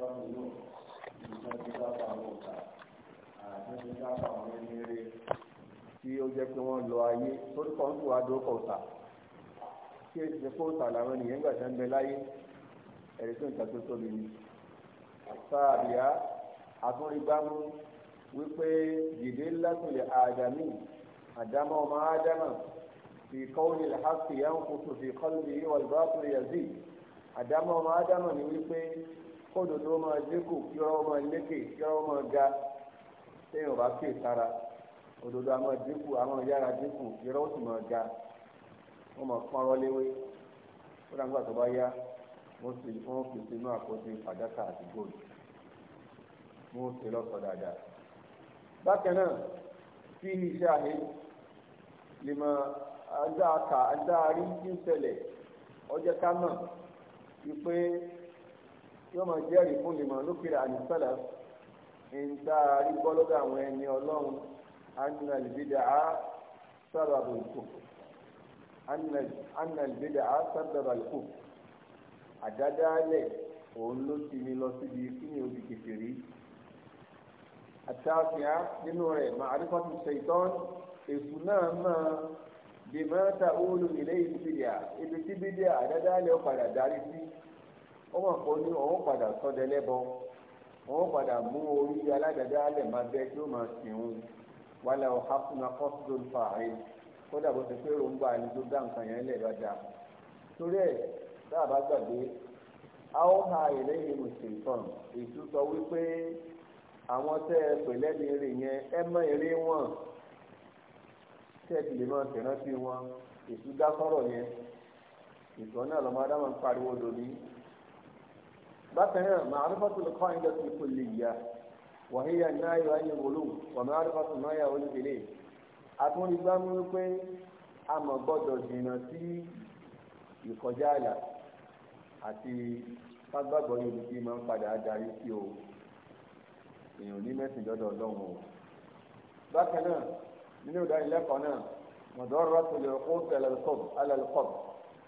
lọ́nà ìlú ìjọba ti sábà àwọn ọ̀tá àti ti sábà àwọn ẹni eré tí ó jẹ́ pé wọ́n lọ ayé torí kan tó wá dúró kọ̀ọ̀tà kí èsì ti kóòtà làwọn ènìyàn gbà tẹ́ ń bẹ láyé ẹ̀rí tó nǹkan tó tóbi ni. sáàbìá àtúnrígbámú wípé dìde látìlẹ̀ àdàmì àdámọ́ ọmọ ádámà fi kọ́wé lẹ́hàkì yẹn kò tó fi kọ́lù yìí wọ́n bá tó zi àdámọ́ ọmọ ádámà ni wípé kódò tó máa dínkù kí ọwọ́ máa lékè kí ọwọ́ máa ga téèyàn bá pè sára òdodo a máa dínkù a máa yára dínkù kí ọwọ́ sì máa ga wọ́n máa pọ́nrọ́ léwé ó dàgbà tó bá yá wọ́n sì wọ́n fi sínú àpótí fàdákà àti góòlù wọ́n sì lọ́sọ̀ dáadáa. bákan náà tí iṣẹ́ àhẹ lè máa adáàkà adáàrí tí ń ṣẹlẹ̀ ọjọ́ ká mọ̀ wípé yóò máa jẹ́rìí fún ìmọ̀ lókèrè àdìsálà ìta àrígbọ́lọ́dọ̀ àwọn ẹni ọlọ́run annalbida a sábàbà ìkó annalbida a sábàbà ìkó àdádálẹ̀ òun ló ti ní lọ síbi kíni òbí kékeré àtàfíà nínú rẹ̀ màálùfàtú ṣèitán èsù náà máa bèmọ́ta òòlù ilé ìbídíà ibi tí bídíà àdádálẹ̀ ó padà darí sí ó mọ̀ pé ní òun padà sọdẹ lẹ́bọ òun padà mú orí alágbàdá alẹ̀ máa bẹ tí ó máa sìn òun wàhálà ọ̀hákùnà kọ́sùdùn fàárín kódà bó ti pé ròǹgbà ni tó dá nǹkan yẹn lẹ̀ lọ́jà torí ẹ̀ tá a bá gbàgbé a ó ha ìlẹ́yìn mùsùlùmí ètò sọ wípé àwọn tẹ́ ẹ pè lẹ́nu eré yẹn ẹ mọ eré wọn tẹ́ ẹ ti lè máa tẹ̀rántí wọn ètò dá sọ̀rọ̀ yẹn ìtọ́ náà lọ́mọ adámọ̀ ń pariwo lónìí bákan náà ma'rifatul qa'idati kulliyya wa hiya an-nahyu 'anil ghuluw wa ma'rifatu ma ya'ulu ilayh àtúndìgbà mú pé a mọ̀ gbọ́dọ̀ jìnnà sí ìkọjá àlà àti kágbàgbọ́ yìí tí máa ń padà darí sí o èèyàn ní mẹ́sìn lọ́dọ̀ ọlọ́run o. bákan náà nínú ìdánilẹ́kọ̀ọ́ náà mọ̀dọ́rọ́ tó lè kó tẹ̀lẹ́kọ̀ọ́ alẹ́lẹ́kọ̀ọ́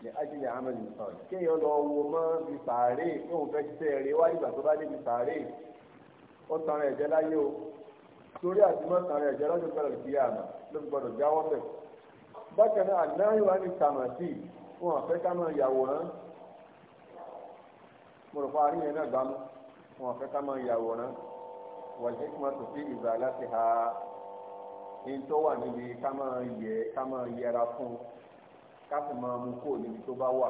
ní ajílẹ̀ amẹ́lì nìkan kéèyàn lọ wo mọ́ bí sàárè tó ń fẹ́ ṣiṣẹ́ rẹ̀ wá ìgbà tó bá dé bí sàárè ó tan ẹ̀jẹ̀ láyé o torí àti mọ́ tan ẹ̀jẹ̀ lọ́dún gbọ́dọ̀ sí àná ló fi gbọ́dọ̀ jáwọ́ bẹ̀. bákan náà àdáyé wa ní tàmásì wọn àfẹ́ ká máa yàwòrán mo rò pa àárín yẹn náà gbámú wọn àfẹ́ ká máa yàwòrán wàjẹ́ kí wọ́n tó fi ìgbà láti ha ní tó wà níbi ká máa yẹ ká máa yẹra fún un. káfí ma mú kó níbi tó bá wà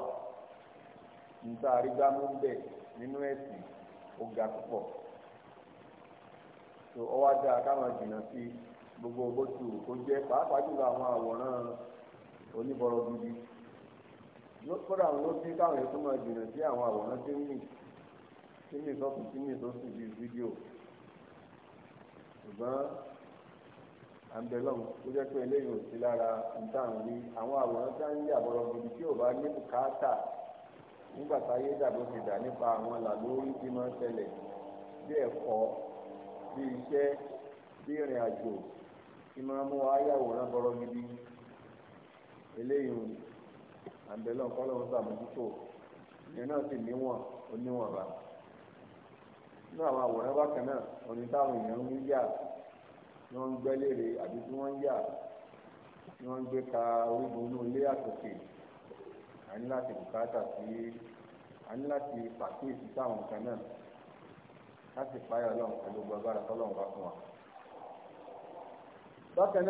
níta àrígbámú bẹ nínú ẹ̀sìn ó ga púpọ̀ tó ọwá dáa káwọn jìnnà sí gbogbo bótu kó jẹ́ pàápàá jùlọ àwọn àwòrán oníbọrọ gidi kódà àwọn ló sí káwọn ètò máa jìnnà sí àwọn àwòrán tí ń mì tí ń mì tí ń mì di fídíò àǹbẹ̀lọ́mù ó jẹ́ pé eléyìí ò sí lára nǹkan rí àwọn àwòrán tá ń yà bọ̀rọ̀ gidi tí ò bá ní bùkátà nígbà táyé dàbò ti dà nípa àwọn làlórí tí máa ń ṣẹlẹ̀ bí ẹ̀kọ́ bí iṣẹ́ bí ìrìn àjò tí máa ń mú ayàwòrán bọ̀rọ̀ gidi eléyìí àǹbẹ̀lọ́mù kọ́lọ́mù sàmójútó ìyẹn náà sì níwọ̀n oníwọ̀nba nínú àwọn àwòrán bákan náà òní táwọn èèyàn ń yà ni wọ́n ń àbí tí wọ́n yà ni wọ́n gbé ka orígun inú ilé àtòkè a ní láti bùkátà sí a ní láti pàkíyèsí sáwọn nǹkan náà láti páyà ọlọ́run pẹ̀lú gbàgbára tọ́lọ́run bá fún wa. bákan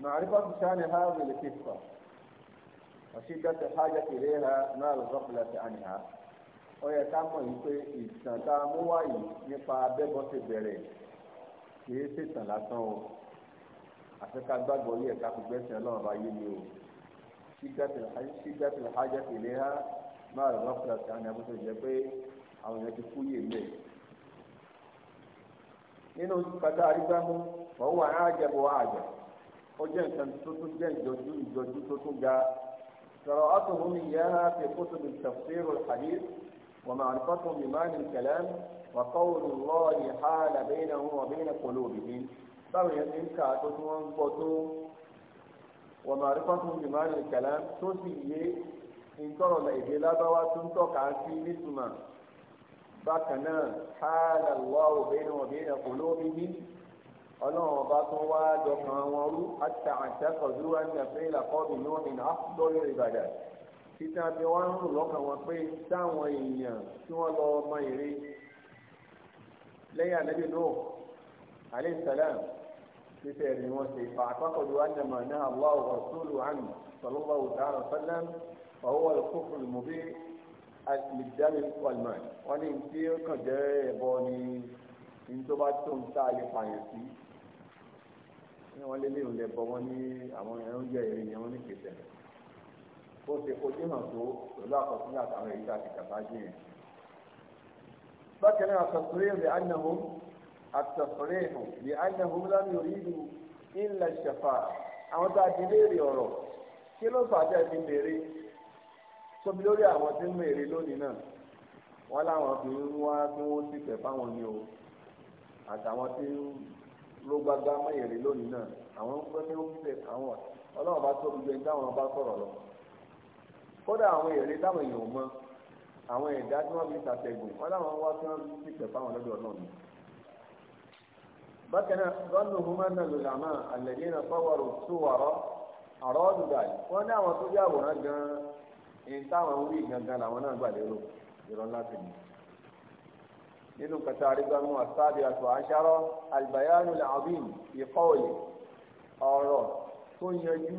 náà ha wèlé kéfà àṣìgbàtà hájà kéré ha náà fúlẹ̀ ha ó yẹ ká mọ̀ yìí pé ìtàn tá a mú wáyé nípa kìí ṣètàn lásán o àti ká gbàgbọ́ yẹ ká fi gbẹ́sẹ̀ ọlọ́run bá yé mi o ṣígbàtì hajjá tìlẹ̀ ha máa rẹ̀ lọ́kùnrin àti àwọn àbúrò jẹ́ pé àwọn èèyàn ti kú yé mẹ́. nínú kàtà àrígbámú wọ́n wà ájẹ́ bọ̀ ájẹ́ ó jẹ́ nǹkan tó tún jẹ́ ìjọjú ìjọjú tó tún ga sọ̀rọ̀ ọ̀tún mi yára fi kótó mi tafsirul hadith wa ma'rifatun bi ma'anil kalam وقول الله حال بينهم وبين قلوبهم báwo yẹn ti ń kà tó tí wọ́n ń gbọ́ tó wọ́n máa rí fọ́tún jùmọ́rì ìkàlá tó sì yé ìtọ́rọ̀ èdè lábáwá tó ń tọ́ka sí nítumọ̀ bákan náà hàlà lọ́wọ́ bẹ́ẹ̀ wọ́n bẹ́ẹ̀ kò lómi ní ọlọ́run ọba tó wá dọ̀kan wọn rú àti àtẹ́kọ̀ọ́dú wa ní ẹ̀fẹ́ ìlàkọ́bì náà ní àfúdọ́lẹ̀ ìbàdàn títí wọn ń lọ́kàn wọn pé táwọn èèyàn tí wọ́n lọ ọmọ ìrìn lẹ́yìn ànábì Nuh alayhi salam títẹ̀ ni wọ́n ṣe fa àkọ́kọ̀dù ànàmà náà Allahu wa rasuluhu àmì sallallahu ta'ala sallam fa huwa al-kufru al-mubin al-dami wal-mal wọ́n ní tí ó kàn jẹ́ ẹ̀bọ ni ní tó bá tó ń tá a lè pààyàn ní wọ́n lé léwu lẹ́bọ wọ́n ní àwọn oúnjẹ ìrìn wọn ní kẹsẹ̀ bó ṣe kojú hàn tó pẹ̀lú àkọsílẹ̀ àtàwọn èyí tá ti dàgbà jẹ́ yẹn bákan náà àtàkùrẹ́ rẹ̀ ánàhó àtàkùrẹ́ hàn rẹ̀ ánàhó lámì orílù ńlá ṣẹfà àwọn tá a ti léèrè ọ̀rọ̀ kí ló fà á tẹ̀ fi mèrè tóbi lórí àwọn tí ń mèrè lónìí náà wọ́n láwọn fi ń wá tí wọ́n sì fẹ́ fáwọn ni o àtàwọn tí ń ló gbagba mẹ́yẹ̀rì lónìí náà àwọn ń pẹ́ ní oúnjẹ àwọn ọlọ́run bá tóbi gbẹ táwọn bá sọ̀rọ̀ lọ kódà àwọn èrè táwọn èèyàn mọ̀ àwọn ẹ̀dá tí wọ́n fi ṣàtẹ̀gùn wọn láwọn wá tí wọ́n fi pẹ̀ fáwọn lọ́dọ̀ náà ni. bákan náà lọ́nà òhun máa ń nà lòlá máa àlẹ́lé náà fáwọ́rò tó wàrọ́ àrọ́ ọ̀dùgbà wọn ní àwọn tó jẹ́ àwòrán gan-an ní táwọn wí gangan làwọn náà gbà lérò ìrọ̀ tó yanjú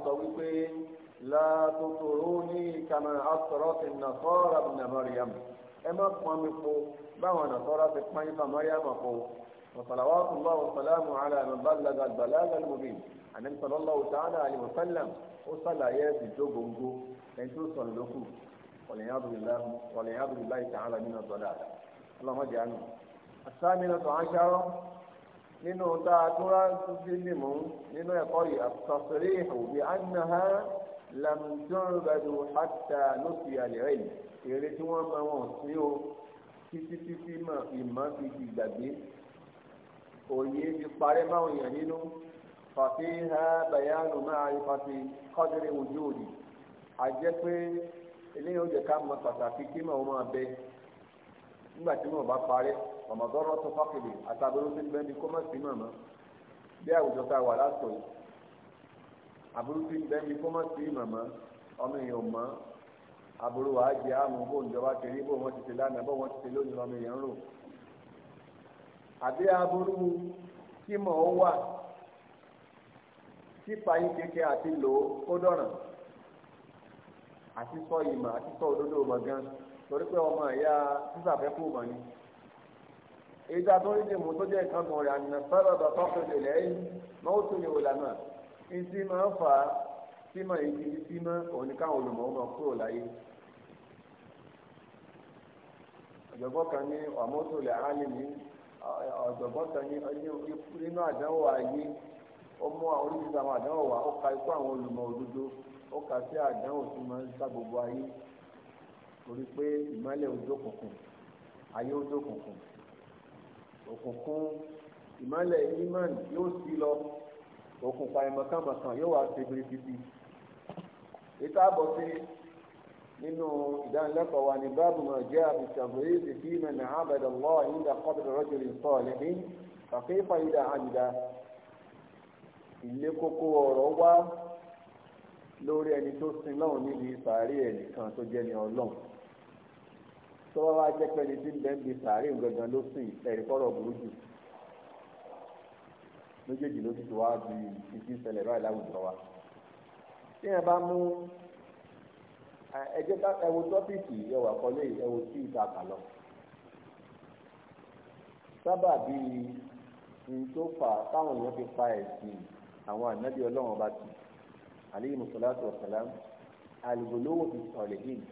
ọwọ́ لا تطروني كما أطرت النصارى ابن مريم أما قمقوا بما نصارى تقمي مريم قو وصلوات الله والسلام على من بلغ البلاغ المبين النبي صلى الله تعالى عليه وسلم وصلى ياتي جوبونجو ان توصل لكم والعياذ بالله والعياذ بالله تعالى من الضلال اللهم اجعلنا الثامنة عشرة nínú tá a tún rá tún sí nínú ẹ̀kọ́ lamjọ́nbàdù hàtà lófi àlẹ́rẹ́ yìí èrè tí wọ́n máa wọ̀n sí o títí títí mà ìmọ̀ fi di gbàgbé òye ti parẹ́ máwọn èèyàn nínú fàfi ha bayanu máa rí fàfi kọ́dìrì ojú òdì àjẹ́ pé eléyìí ó jẹ́ ká mọ pàtàkì kí màá máa bẹ nígbà tí màá bá parẹ́ ọ̀mọ̀gọ́rọ́ tó fàkìlì àtàbí ó ti gbẹ́ni kó má sí màmá bí àwùjọ ta wà lásìkò yìí àbúrú tí ń bẹ́ẹ̀ ni kó má sí màmá ọmọ èèyàn mọ́ àbúrú wàá jẹ àmọ́ bó ń jọba kiri bó wọ́n ti ṣe lánàá bó wọ́n ti ṣe lónìí ọmọ èèyàn rò àbí àbúrú tí mọ̀ ó wà tí payín kékeré àti lò ó kó dọ̀ràn àti sọ ìmọ̀ àti sọ òdodo mọ̀ gan torí pé ọmọ ìyá sísàfẹ́ kò mọ̀ ni èyí tá a tó rí dèmú tó jẹ́ nǹkan kan rẹ̀ àná sábà bàbá ọ̀pẹ̀lẹ̀ lẹ́yìn náà ó tún lè wò lánàá ntí máa fà á tí máa yìí kiri tí máa òun ni káwọn olùmọ̀ máa kúrò láyé. ọ̀jọ̀gbọ́n kan ní ọ̀mọ́tòlẹ̀ alìní ọ̀jọ̀gbọ́n kan ní nínú àdánwò ayé ó mú oríṣiríṣi àwọn àdánwò wá ó ka ikú àwọn olùmọ̀ òdodo ó kà sí àdánwò tí máa ń sá gbogbo ayé torí pé ìmọ́lẹ̀ ojú òkùnkùn ayé ojú òkùnkùn òkùnkùn ìmọ́lẹ̀ imán yóò sí lọ òkùnfà ìmọ̀kànmọ̀kàn yóò wá ṣe birikiti ètò àbọ̀ sí nínú ìdánilẹ́kọ̀ọ́ wa ní báàbù náà jẹ́ àbùsàbùrì ìsìnkú ìmọ̀nà àbẹ̀dẹ̀ lọ́ ìyíndà kọ́bẹ̀dẹ̀ rọ́jòlì sọ̀ọ̀lẹ̀ ní kàkéfà ìdá àmìdá ilé kókó ọ̀rọ̀ wá lórí ẹni tó sin lọ́hùn níbi sàárè ẹnìkan tó jẹ́ ní ọlọ́hùn tó wá wá jẹ́ pẹ́ni tí ń bẹ́ẹ̀ bí sàárè gangan ló sìn ẹ̀rí kọ́rọ̀ burúkú méjèèjì ló ti wá di ìdí ìṣẹ̀lẹ̀ báyìí láwùjọ wa tí yẹn bá mú ẹjẹ ẹwo tọpíìkì ẹwà kọlé ẹwo tí ìta kà lọ sábà bíi nǹkan fà táwọn èèyàn fi pa ẹ̀sìn àwọn ànábì ọlọ́run bá ti àlẹ́yìn mùsùlùmí ọ̀sálàm àlùbọ̀lówó fi sọ̀lẹ̀ yìí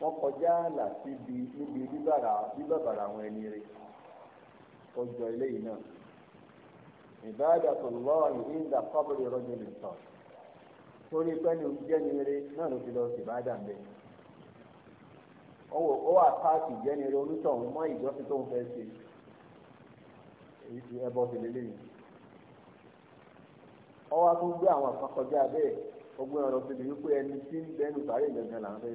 wọ́n kọjá àlà síbi níbi bíbàrà àwọn ẹni rẹ̀ ọjọ́ eléyìí náà. عبادة الله عند قبر رجل صالح torí pẹ́ni olùjẹ́nire náà ló fi lọ sí ìbàdàn bẹ́ẹ̀ ó wà káàkiri ìjẹ́nire onítọ̀hún mọ́ ìjọsìn tó ń fẹ́ ṣe èyí ti ẹbọ sí lélẹ́yìn ó wá tún gbé àwọn kan kọjá bẹ́ẹ̀ ogun ọ̀rọ̀ síbi wípé ẹni tí ń bẹ́nu là ń fẹ́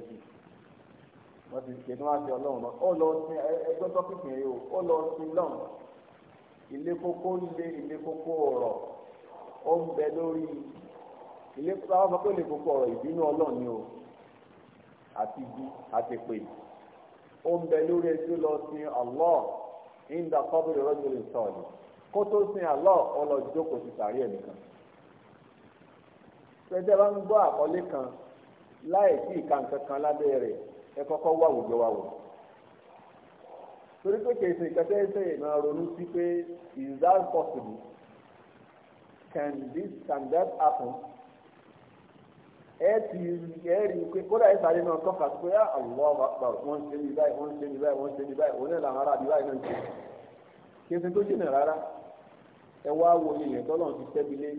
wọ́n ti ilé kókó lé ilé kókó ọ̀rọ̀ ó ń bẹ lórí ilé táwọn sọ pé ilé kókó ọ̀rọ̀ ìbínú ọlọ́run ni o àti ibi àti pè ó ń bẹ lórí ẹjọ́ lọ sí Allah ìndà kọ́bìrì rọ́jòlè sọ̀ọ̀lì kó tó sin Allah ọlọ́jókòó ti sàárì ẹ̀ nìkan. pẹ̀tẹ́ bá ń gbọ́ àkọlé kan láì sí ìka nǹkan kan lábẹ́ rẹ̀ ẹ kọ́kọ́ wá àwùjọ wa wò torí pé kèsì kẹsẹ̀ẹ́sẹ̀ máa ronú sí pé is that possible can this can that happen ẹ ti ẹ rí i pé kódà ẹ sáré náà tọ́ka pé á àwùwọ́ àpapọ̀ wọ́n ṣe ní báyìí wọ́n ṣe ní báyìí wọ́n ṣe ní báyìí òun náà làwọn ará àbí báyìí náà ń ṣe kèsì tó jìnnà rárá ẹ wá wo ilẹ̀ tọ́lọ̀ ti tẹ́bi lé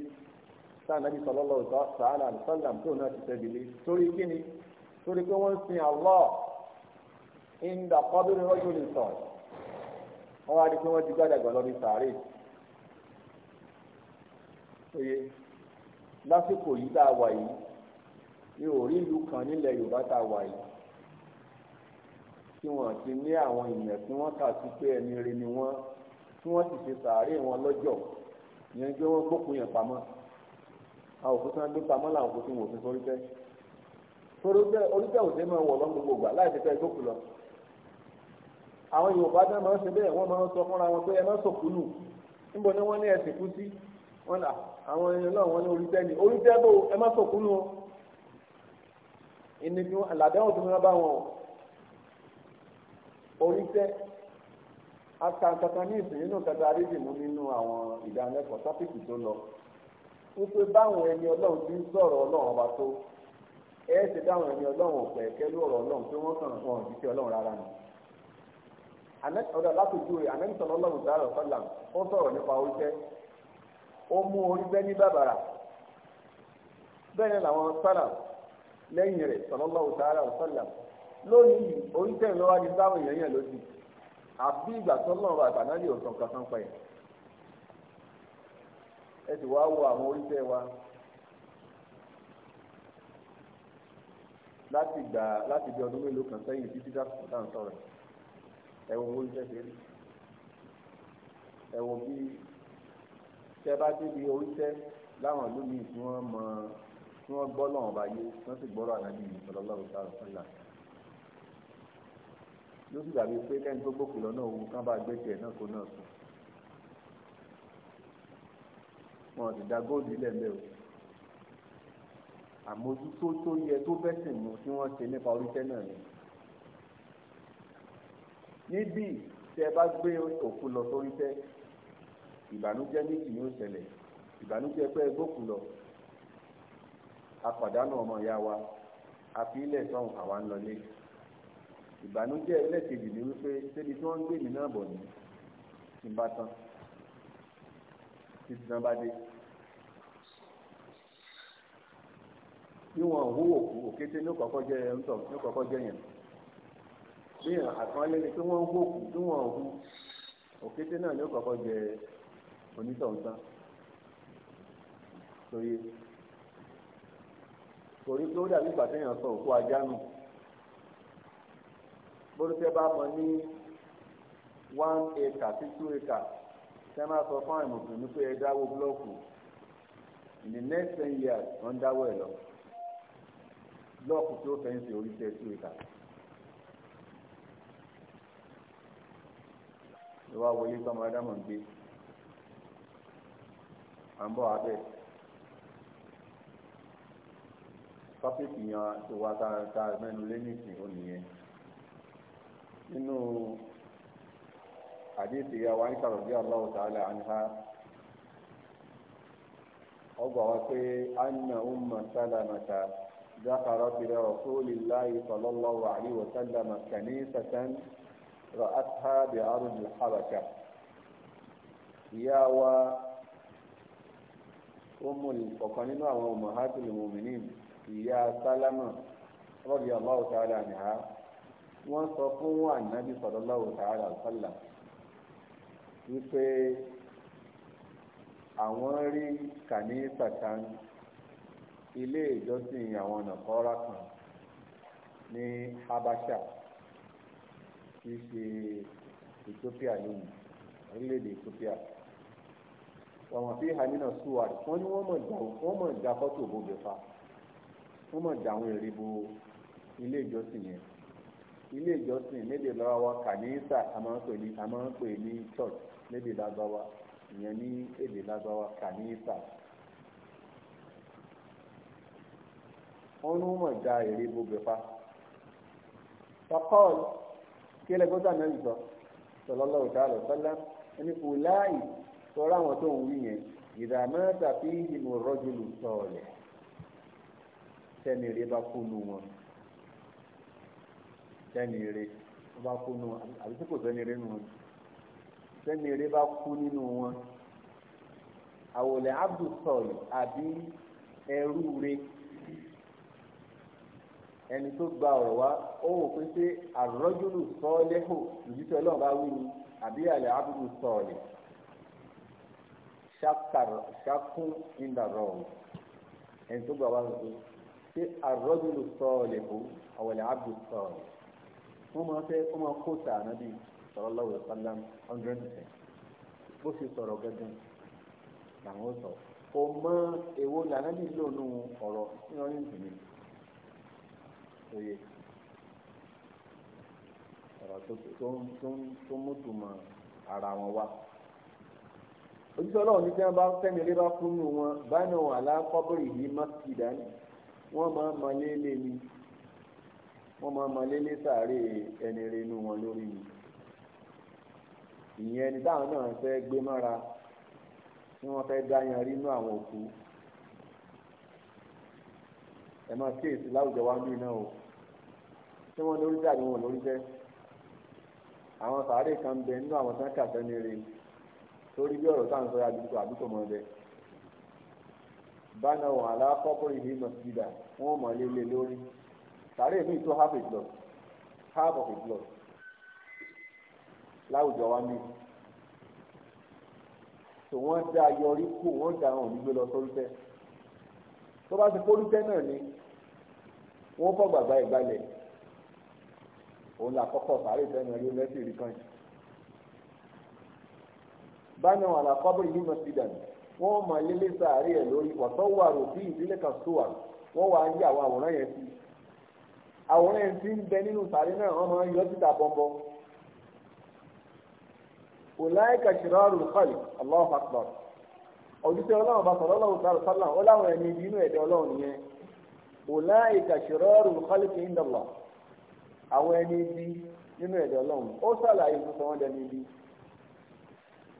sáà nàbí sọlọ́lọ́ sàálà sàlám tó náà ti tẹ́bi lé torí kíni torí pé wọ́n ń sin àlọ́ ìndàkọ́bí rọ́jò lè sọ̀rọ̀ wọ́n wá di pé wọ́n ti gbàdàgbà lọ ní sàárè oye lásìkò yìí tá a wà yìí ní orí ìlú kan nílẹ̀ Yorùbá tá a wà yìí tí wọ́n ti ní àwọn ìyẹn tí wọ́n kà sí pé ẹni rere ni wọ́n tí wọ́n sì ṣe sàárè wọn lọ́jọ́ ìyẹn gbé wọ́n gbókun yẹn pamọ́ àwọn òkú tí wọ́n gbé pamọ́ làwọn òkú tí wọ́n ò fi sórí tẹ́ sórí tẹ́ orí tẹ́ òṣèlú máa wọ̀ lọ́n gbogbo gbà láì tẹ́ tẹ́ gbókun lọ àwọn yorùbá náà máa ń ṣe bẹ́ẹ̀ wọ́n máa ń sọ fúnra wọn pé ẹ má sòkúlù níbo ni wọ́n ní ẹ̀sìn kú sí wọ́n là àwọn èèyàn náà wọ́n ní orí tẹ́ni orí tẹ́ bò ẹ má sòkúlù o ìní fi àlàdáwọ̀ tó máa bá wọn o orí tẹ́ akankankan ní ìsìn nínú kẹta àdéjìmú nínú àwọn ìdánilẹ́kọ̀ọ́ tọ́pìkì tó lọ wípé báwọn ẹni ọlọ́run ti ń sọ̀rọ̀ ọlọ́run ọba tó ẹ ṣe dáhùn ẹni ọlọ́run ọ̀pẹ̀ kẹ́lú ọ̀rọ̀ ọlọ́run pé wọ́n kàn án jíṣẹ́ ọlọ́run rárá ni ọ̀dọ̀ látòjúwe ànẹ́sọ̀rọ̀ ọlọ́run sàrọ̀ sọ́là ó sọ̀rọ̀ nípa oríṣẹ́ ó mú orí bẹ́ẹ̀ ní bàbàrà bẹ́ẹ̀ ni làwọn sọ́là lẹ́yìn rẹ̀ sọ̀lọ́lọ́wọ́ sàrọ̀ sọ́là lónìí oríṣẹ́ ló wá ní sáwọn èèyàn yẹn lójú àbí ìgbà tó lọ́rọ̀ àtànáyè ọ̀sán kan tán pẹ̀ ẹ sì wá wo àwọn oríṣẹ́ wa láti gbà láti bí ọdún mélòó kan sẹ́yìn títí dá sọ̀rọ̀ ẹ̀wọ̀n owó ìjẹ́sẹ̀ rí ẹ̀wọ̀n bí tẹ́ bá débi oríṣẹ́ láwọn ìlú míì tí wọ́n mọ tí wọ́n gbọ́ lọ́wọ́n bá yé wọ́n sì gbọ́rọ̀ ànábì ìfọlọ́lọ́run sáà sọ́là ló sì dàbí pé kẹ́ni tó gbókù lọ́nà òun kán bá gbé tiẹ̀ náà kó náà sùn wọn ti da góòlù ilẹ̀ ń bẹ̀ o àmójútó tó yẹ tó bẹ́sìn mu tí wọ́n ṣe nípa oríṣẹ́ náà ni níbí tí ẹ bá gbé òkú lọ sórí tẹ́ ìbànújẹ́ méjì ni ó ṣẹlẹ̀ ìbànújẹ́ pé gbókù lọ apàdánù ọmọ ìyá wa àfi ilẹ̀ sọ̀hún àwa ń lọlé ìbànújẹ́ ẹlẹ́kejì ni wípé ṣébi tí wọ́n ń gbé mi náà bọ̀ ní tí n bá tán títí náà bá dé bí wọn hú òkú òkété ní kọ́kọ́ jẹ́ ẹ̀ ń tọ̀ ní kọ́kọ́ jẹ́ yẹn bíyàn àpọ́nlé ni pé wọ́n ń gbòkú tí wọ́n ń hu òkété náà ni ó kọ́kọ́ jẹ onítọ̀hún tán lóye torí pé ó dàbí ìgbà téèyàn sọ òkú ajá nù bólúkẹ́ bá mọ ní one acre sí two acre tẹ́ máa sọ fún àwọn mùsùlùmí pé ẹ dáwó búlọ́ọ̀kù in the next ten years wọ́n dáwó ẹ̀ lọ búlọ́ọ̀kù tí ó fẹ́ ń ṣe orí two acre. ló wá wọlé tọmọ ádámù ń gbé à ń bọ̀ abẹ́ tọ́pìkì yan tó wá tá a mẹ́nu lé nìsín ó nìyẹn nínú àdéhùn ìyá wa ń sàròdí Allahu ta'ala anha ọgbà wa pé anna umma sálámàtà dákàrọ̀ tìrẹ̀ rasulillahi sallallahu alaihi wa sallam kanisa ra'atha bi ardi al-habasha ìyá wa ó mú ọ̀kan nínú àwọn ummahatul mu'minin ìyá sálámà radiyallahu ta'ala anha wọ́n sọ fún ànábì sallallahu ta'ala sallam wípé àwọn rí kàníìsà kan ilé ìjọsìn àwọn nàkọ́ra kan ní habasha. tí ṣe Ethiopia lónìí orílẹ̀-èdè Ethiopia wọ̀n fi hamina suwad wọ́n ní wọ́n mọ̀ dá fọ́tò bóbẹ̀ fa wọ́n mọ̀ dá àwọn èrè ilé ìjọsìn yẹn ilé ìjọsìn lédè lọ́wọ́ a máa kí ẹlẹgbọ́n sàmì ẹ̀yìn sọ sallallahu ta'ala sallam ẹni kò láàyè sọ̀rọ̀ àwọn tó ń wí yẹn ìdààmú tàbí ìmọ̀ rọ́jòlù sọ̀ọ̀lẹ̀ sẹ́ni eré bá kú nu wọn sẹ́ni eré bá kú àbí tí kò sẹ́ni eré nu wọn sẹ́ni eré bá kú nínú wọn àwòlẹ̀ abdul sọ̀ọ̀lẹ̀ àbí ẹrú rẹ̀ ẹni tó gba ọ̀rọ̀ wá ó wò pé ṣé àrọ́júlù sọ́ọ́lẹ́hò lùdíṣẹ́ ọlọ́run bá wí ni àbí àlẹ́ àbúrò sọ̀ọ̀lẹ̀ ṣàkún ìdàrọ̀ ẹni tó gba wá sọ pé ṣé àrọ́júlù sọ́ọ́lẹ̀hò àwọ̀lẹ̀ àbúrò sọ̀ọ̀lẹ̀ wọ́n máa fẹ́ wọ́n máa kó sàánà bíi sallallahu alaihi wasallam hundred percent bó ṣe sọ̀rọ̀ gẹ́gẹ́ làwọn sọ kò mọ èwo làánà bíi lónú ọ̀rọ̀ tí wọ́n ń oyè ọ̀rọ̀ tó mútùmọ̀ ara wọn wá ojúṣe ọlọ́run ní tí wọ́n bá fẹ́mi lé bá kú nù wọn báyìí wọn alákọ́bọ̀rì yìí má ti dání wọ́n máa ma lélé ni wọ́n máa ma lélé sàárè ẹni renú wọn lórí ni ìyẹn ni táwọn náà fẹ́ gbé mọ́ra tí wọ́n fẹ́ dáyan rí inú àwọn òkú ẹ máa kíyèsí láwùjọ wa ń bí náà o tí wọ́n lórí dà ní wọn lórí jẹ́ àwọn sàárè kan ń bẹ nínú àwọn tán kàfẹ́ ní rí torí bí ọ̀rọ̀ táwọn sọ́ra àdúgbò àdúgbò mọ́ bẹ bánà wọn aláfọ́kọ́ ìlú mọ̀sídà wọn mọ̀ lélẹ̀ lórí sàárè míì tó half a block half of a block láwùjọ wa míì tò wọ́n dá yọrí kù wọ́n dá àwọn òní lọ sórí tẹ́ tó bá ti kórìtẹ́ náà ni wọ́n kọ́ gbàgbá ìgbàlẹ̀ òun là kọ́kọ́ sáré ìtẹ́nu ẹ̀rí lẹ́sìn rí kan yìí báyọ̀ wọn àlàkọ́bìrì yìí mọ̀ sí dànù wọ́n máa lélẹ̀ sáré ẹ̀ lórí wọ́tọ́ wà rò sí ìdílé kan tó wà wọ́n yí àwọn àwòrán yẹn sí àwòrán yẹn ti ń bẹ nínú sáré náà wọ́n máa ń yọ síta bọ́ńbọ́ ọ̀làyẹ̀kà ṣìrọ̀ àrùn kọ́lì Allahu Akbar òjíṣẹ́ ọlọ́run bá sọ̀rọ̀ ọlọ́run sọ̀rọ̀ sọ́lá ó láwọn ẹni inú ẹ̀dẹ́ ọlọ́run yẹn òlá ìkàṣìrọ́rù kọ́lìkì ń dọ̀lọ̀ àwọn ẹni ibi nínú ẹ̀dẹ́ ọlọ́run ó sàlàyé fún sọ wọ́n dẹni ibi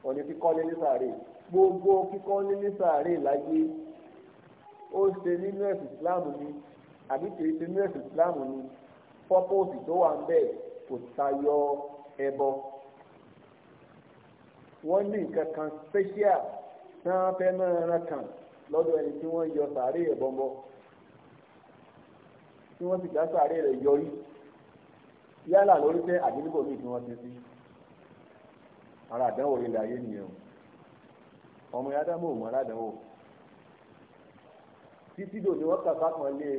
òní kíkọ́lé ní sàárè gbogbo kíkọ́lé ní sàárè láyé ó ṣe nínú ẹ̀sìn ìsìláàmù ni àbí kìí ṣe nínú ẹ̀sìn ìsìláàmù ni pọ́pọ́sì tó wà ń bẹ̀ kò tayọ ẹbọ wọ́n ní nǹkan kan special tí wọ́n fẹ́ máa ran kàn lọ́dọ̀ ẹni tí wọ́n yọ sàárè rẹ̀ bọ́ńbọ́ tí wọ́n sì dá sàárè rẹ̀ yọrí yálà lórí tẹ́ àdínkù mi tí wọ́n ti sí ara àdánwò ilẹ̀ ayé nìyẹn o ọmọ yàdámọ̀ òun aládánwò títí dòní wọ́n kàkà kan lé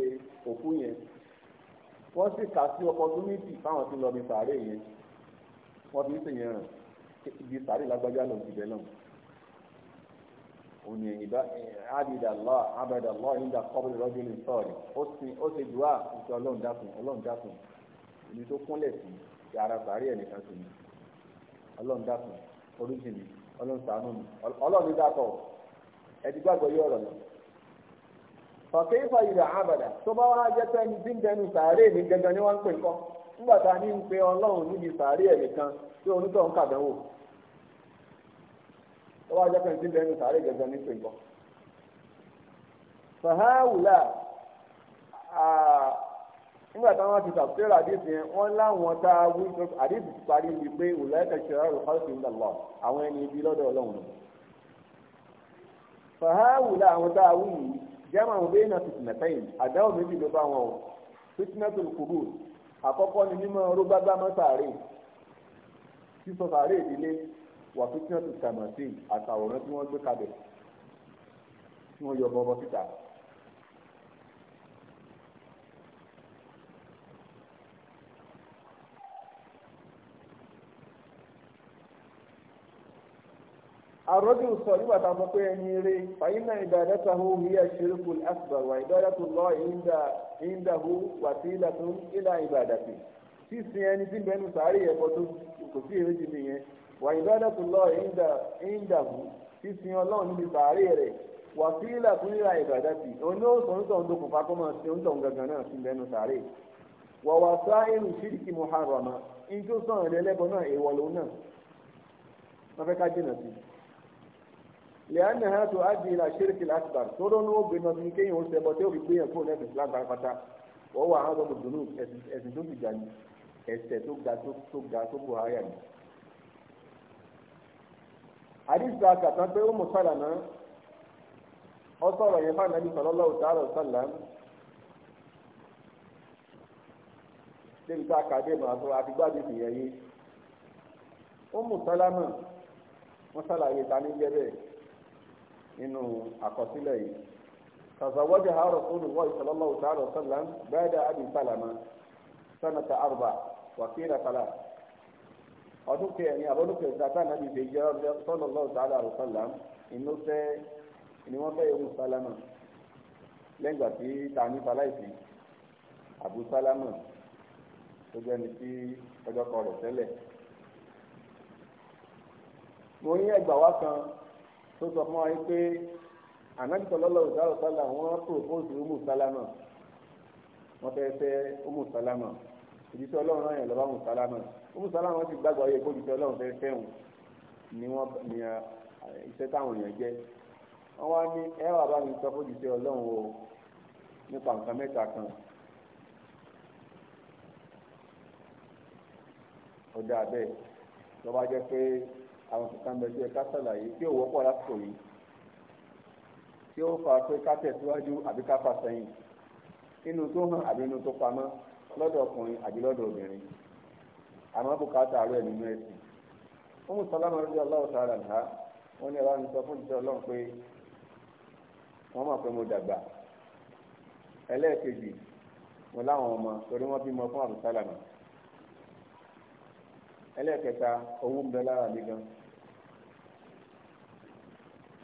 òkú yẹn wọ́n sì kà sí opportunity fáwọn tí lọ́ọ́ bí sàárè yẹn wọ́n fi ń sèyẹn rìn ibi sàárè lágbájá lòun ti bẹ́ẹ̀ lọ́hùn. onye ìbá abidallah abidallah ìgbà kọ́bí rọ́jú ní sọ́ọ̀rì ó sin ó ti dùá ìṣe ọlọ́run dákun ọlọ́run dákun ìní tó kúnlẹ̀ si yàrá sàárì ẹ̀nìkan sí mi ọlọ́run dákun oríṣi mi ọlọ́run ṣàánú mi ọlọ́run dákọ̀ ẹ̀dí gbàgbọ́ yí ọ̀rọ̀ lọ. fọ̀kẹ́ gangan ni wọ́n pe tó wá jẹ́ pé ní bẹ́ẹ̀ ní sàárè gẹ̀gẹ́ ní pèǹkọ́. fàháwùlà nígbà táwọn ti tàbílẹ̀ àdéhùn yẹn wọ́n láwọn tá a wí pé àdéhùn ti parí ni pé òlẹ́kẹ̀ ṣe ọ̀rọ̀ kọ́sì ń dàgbà àwọn ẹni ibi lọ́dọ̀ ọlọ́run. fàháwùlà àwọn tá a wí yìí jẹ́mọ̀ àwọn bẹ́ẹ̀ náà tuntun mẹ́ta yìí àdáwọ̀ méjì ló bá wọn o fitnatul kubur àkọ́kọ́ ni mímọ́ rúgbágbá mọ́ sàárè sísọ sàárè ìdílé wàtúntìyàn ti sàmàtì àtàwòrán tí wọ́n gbé kalẹ̀ tí wọ́n yọ bọ́bọ́ síta. àròjù sọ nígbà tá a sọ pé ẹni eré fàyínà ìdádẹ́tàhù hiya ṣirku al-asghar wa ìdádẹ́tù lọ ìdáhù wàtílà tún ilà ìbàdàtì sísìn ẹni tí bẹnu sàárè ẹ̀kọ́ tó kò sí èrè jìnnì wà ìbádàtú lọ ìndàbù sísin ọlọ́run níbi bàárì rẹ̀ wà sílà fún ìlà ìbádàtì òní ó sọ nítorí tó kò fakọ́ máa ṣe nítorí gangan náà sí lẹ́nu sàárè wà wà sá irun ṣíríkì muharrama ìjó sọ̀rọ̀ lẹ́lẹ́bọ náà èèwọ̀ lòun náà wọ́n fẹ́ ká jìnà sí i lẹ́yìn náà tó ájì ilà ṣíríkì látìgbà tóró ní obìnrin náà ní kéèyàn oṣù ẹbọ tí ó fi gbéyàn kúrò lẹ́sìn islam pátápátá wọ́n wà á lọ́dọ̀ dùnú ẹ̀sìn tó ti gbà àdìsí akàtàn pé ó mú sálàmà ọ ma na fáwọn nàbí sọ̀rọ̀ lọ́wọ́ sàárọ̀ sálàm débi tá a kà dé màá sọ àti gbàdé ìyẹn yé ó mú sálàmà wọn sàlàyé ta ní jẹ́ bẹ́ẹ̀ nínú àkọsílẹ̀ yìí tàzàwọ́jà àárọ̀ sólù wọ́ọ̀ ìsọ̀lọ́lọ́wọ́ sàárọ̀ sálàm sanata arba wàkíra ọdún kẹrin àbọ̀dún kẹta tá nàbí ìfẹ́ jẹ́ ọdún sọ́lọ́ lọ́wọ́ sàálà àrùsọ̀là inú fẹ́ ni wọ́n fẹ́ ewu sálámà lẹ́gbàá tí tani faláìsì àbú sálámà tó jẹ́ni tí ọjọ́ kan rẹ̀ tẹ́lẹ̀. mo ní ẹgbàá wá kan tó sọ fún wa pé ànábìtọ̀ lọ́lọ́wọ́ sàálà àrùsọ̀là wọ́n propose umu sálámà wọ́n fẹ́ fẹ́ umu sálámà ìdí tí ọlọ́run náà yẹn lọ́wọ́ umu sálámà ọmọ sọlá wọn ti gbàgbọ́ yẹ kó jùlọ ọlọ́run fẹ́ fẹ́ wọn ni wọ́n ní iṣẹ́ táwọn èèyàn jẹ́ wọ́n wá ní ẹ wà bá mi sọ fún jùlọ ọlọ́run o nípa nǹkan mẹ́ta kan ọ̀dà bẹ́ẹ̀ tó bá jẹ́ pé àwọn kìkan bẹ sí ẹ̀ka sàlàyé tí ò wọ́pọ̀ lásìkò yìí tí ó fa pé ká tẹ̀síwájú àbí ká fà sẹ́yìn inú tó hàn àbí inú tó pamọ́ lọ́dọ̀ ọkùnrin àbí lọ́dọ̀ obìnrin àmọ́ bùkátà rẹ̀ nínú ẹ̀sìn ọmọ sọlámà rẹ̀ ọlọ́wọ́ sára nìha wọ́n ní ọlọ́run sọ fún ìṣẹ́ ọlọ́run pé wọ́n mọ̀ pé mo dàgbà ẹlẹ́ẹ̀kejì mo láwọn ọmọ torí wọ́n bímọ fún àbùsálàmà ẹlẹ́ẹ̀kẹta owó ń bẹ lára mi gan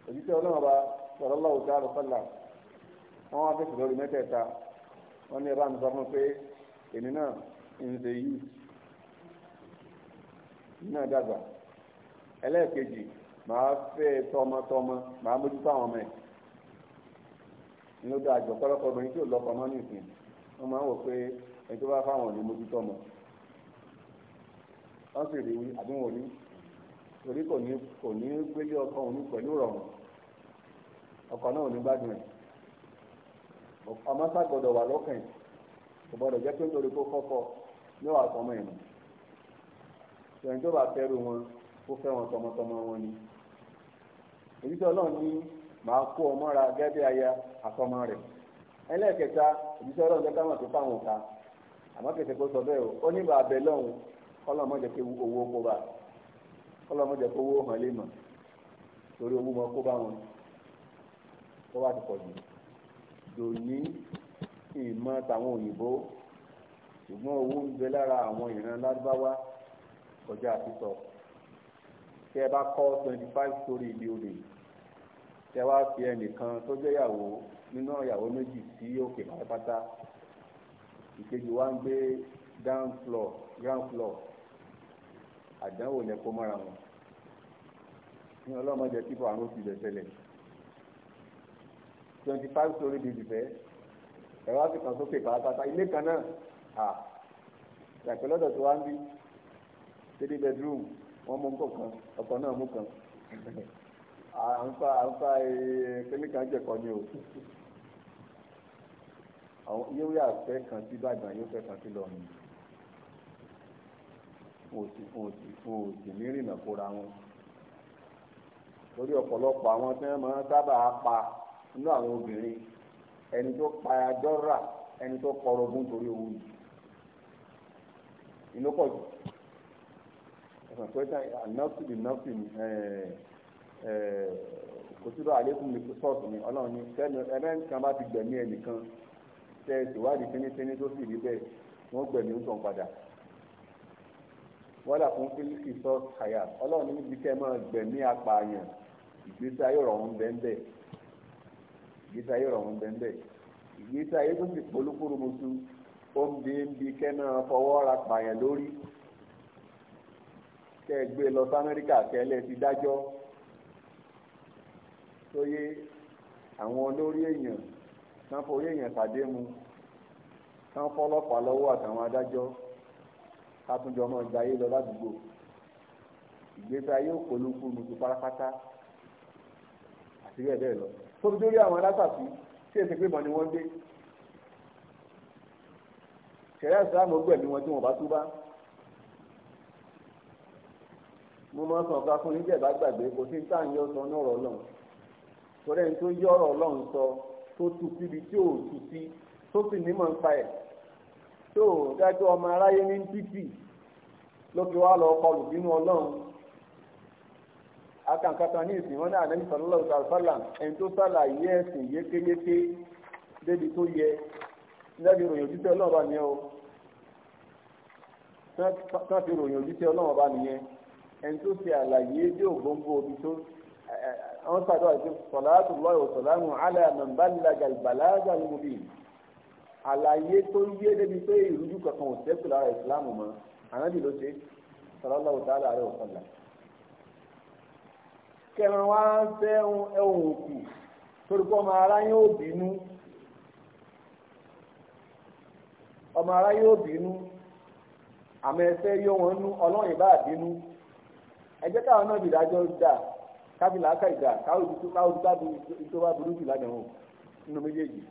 òjíṣẹ́ ọlọ́run ọba sọ̀rọ̀ lọ́wọ́ sára sọ́là wọ́n wá fèsì lórí mẹ́tẹ̀ẹ̀ta wọ́n ní ọlọ́run sọ fún pé èmi náà ń ṣe yìí. náà dàgbà ẹlẹ́ẹ̀kejì màá fẹ́ tọmọtọmọ màá mójútó fáwọn ọmọ ẹ̀ ló dáa jọ pọ̀lọpọ̀ obìnrin tí ò nìsín wọ́n máa ń wò pé ẹni tó bá fáwọn ọmọ wọ́n sì rí torí kò ní kò ní gbélé ọkọ òní ọkọ náà ò ní gbádùn ẹ̀ ọmọ sàgbọ́dọ̀ wà lọ́kàn jẹ́ pé nítorí kó kọ́kọ́ yóò wà sọmọ ìrìn tó bá fẹ́rù wọn ó fẹ́ wọn tọmọtọmọ wọn ni èyí tó ọlọ́run ní màá kó ọmọ ra gẹ́gẹ́ aya àtọmọ rẹ̀ ẹlẹ́ẹ̀kẹta èyí tó ọlọ́run jẹ́ káwọn tó fáwọn ká àmọ́ kẹsẹ̀ kó sọ bẹ́ẹ̀ o ó ní bàá bẹ lọ́hùn kọ́lọ́ mọ́jẹ́ kí owó kó bá kọ́lọ́ mọ́jẹ́ kó owó hàn lè mọ̀ torí owó mọ́ kó bá wọn kó wá ti pọ̀ jù dòní ìmọ̀ tàwọn òyìnbó ṣùgbọ́n owó ń bẹ lára àwọn ìran lárúbáwá kọjá àtìsọ tí ẹ bá kọ́ twenty five story ilé olè tí ẹ wá fi ẹnìkan tó jẹ́ ìyàwó nínú ìyàwó méjì sí òkè pátápátá ìkejì wa ń gbé down floor ground floor àdánwò lẹ kó mọ́ra wọn ní ọlọ́mọdé tí bọ̀ àrùn òsìlẹ̀ twenty five story bíbí fẹ́ ẹ̀rọ àti kan sókè pátápátá ilé kan náà à ìyàpẹ́ lọ́dọ̀ tó wá ń bí three bedroom wọ́n mú nǹkan kan ọkọ̀ náà mú kan à ń fa à ń fa e, kíníkà jẹ̀kọ́ ni o àwọn yóò yà fẹ́ kan sí Ìbàdàn yóò fẹ́ kan sí lọ́rùn wọn ò sì ní rìnnà kóra wọn torí ọ̀pọ̀lọpọ̀ àwọn tí wọ́n máa ń sábà pa nínú àwọn obìnrin ẹni tó pa dọ́rà ẹni tó kọrọ ogún torí owó yìí inú pọ̀ jù ẹ̀sán tó dá nọ́ọ̀sì bí nọ́ọ̀sì ni kò sí lọ́wọ́ àlékún ní sọ́ọ̀sì ni ọlọ́run ní sẹ́nu ẹlẹ́nìkan bá ti gbẹ̀mí ẹnìkan tẹ́ ẹ ṣèwádìí fínífíní tó sì rí bẹ́ẹ̀ wọ́n gbẹ̀mí ń tàn padà wọ́n dà fún fílíkì sọ́ọ̀sì àyà ọlọ́run níbi kẹ́ máa gbẹ̀mí apààyàn ìgbésí ayé ọ̀rọ̀ ń bẹ́ẹ̀ bẹ́ẹ̀ ìgbésí ayé ọ̀rọ̀ ń bẹ́ẹ̀ bẹ́ẹ̀ ìgbésí ayé tó sì polúkúrú musu ó ń bí ń bí kẹ́ kẹ́ ẹ gbé lọ sí amẹ́ríkà kẹ́lẹ́ ti dájọ́ tó yé àwọn olórí èèyàn tán forí èèyàn pàdé mu tán fọlọ́pàá lọ́wọ́ àtàwọn adájọ́ kátúndọ̀ ọmọ ìgbà yé lọ ládùúgbò ìgbésí ayé òkòlùkù nùtù pátápátá àti bẹ́ẹ̀ bẹ́ẹ̀ lọ tóbi dórí àwọn alásàfin tí èsì pé mọ̀ ni wọ́n gbé ṣẹ̀yà ìsìlámù gbẹ̀mí wọn tí wọ́n bá túbá mo máa ń sọ ọ̀gá fún níjẹ̀bá gbàgbé kò sí tá à ń yọ sọ ní ọ̀rọ̀ ọlọ́run torí ẹni tó yọ ọ̀rọ̀ ọlọ́run sọ tó tu síbi tí ò tu sí tó sì nímọ̀ ń pa ẹ̀ tó dájú ọmọ aráyé ní títì ló fi wá lọ kọlù bínú ọlọ́run akankata ní ìsìn wọn ní àdéhùn sallallahu alaihi wasallam ẹni tó sàlàyé ẹ̀sìn yékéyéké débi tó yẹ lẹ́bi ròyìn òjíṣẹ́ ọlọ́run bá nìyẹn o tán fi ròyìn ẹni tó ṣe àlàyé bí ògbóngbò omi tó wọn ṣàdó àti sọláàtù lọ́ọ̀ ìwòsàlámù aláàmì bàlágà ìbàlágà ló bí àlàyé tó yé débi pé ìrújú kankan ò sẹ́kù lára ìsìlámù mọ́ ànábì ló ṣe sọlọ́láwù tààlà rẹ̀ òsàlà. kẹrin wá ń fẹ́ ẹ̀hún òkú torí ọmọ ara yóò bínú ọmọ ara yóò bínú àmọ́ ẹsẹ̀ yóò wọn nú ọlọ́run ìbá bínú ẹ jẹ́ káwọn náà ìdájọ́ dà kábìlà áká ìdà káwọn ojú ká ìjọ bá burú jù ládàá wọn nínú méjèèjì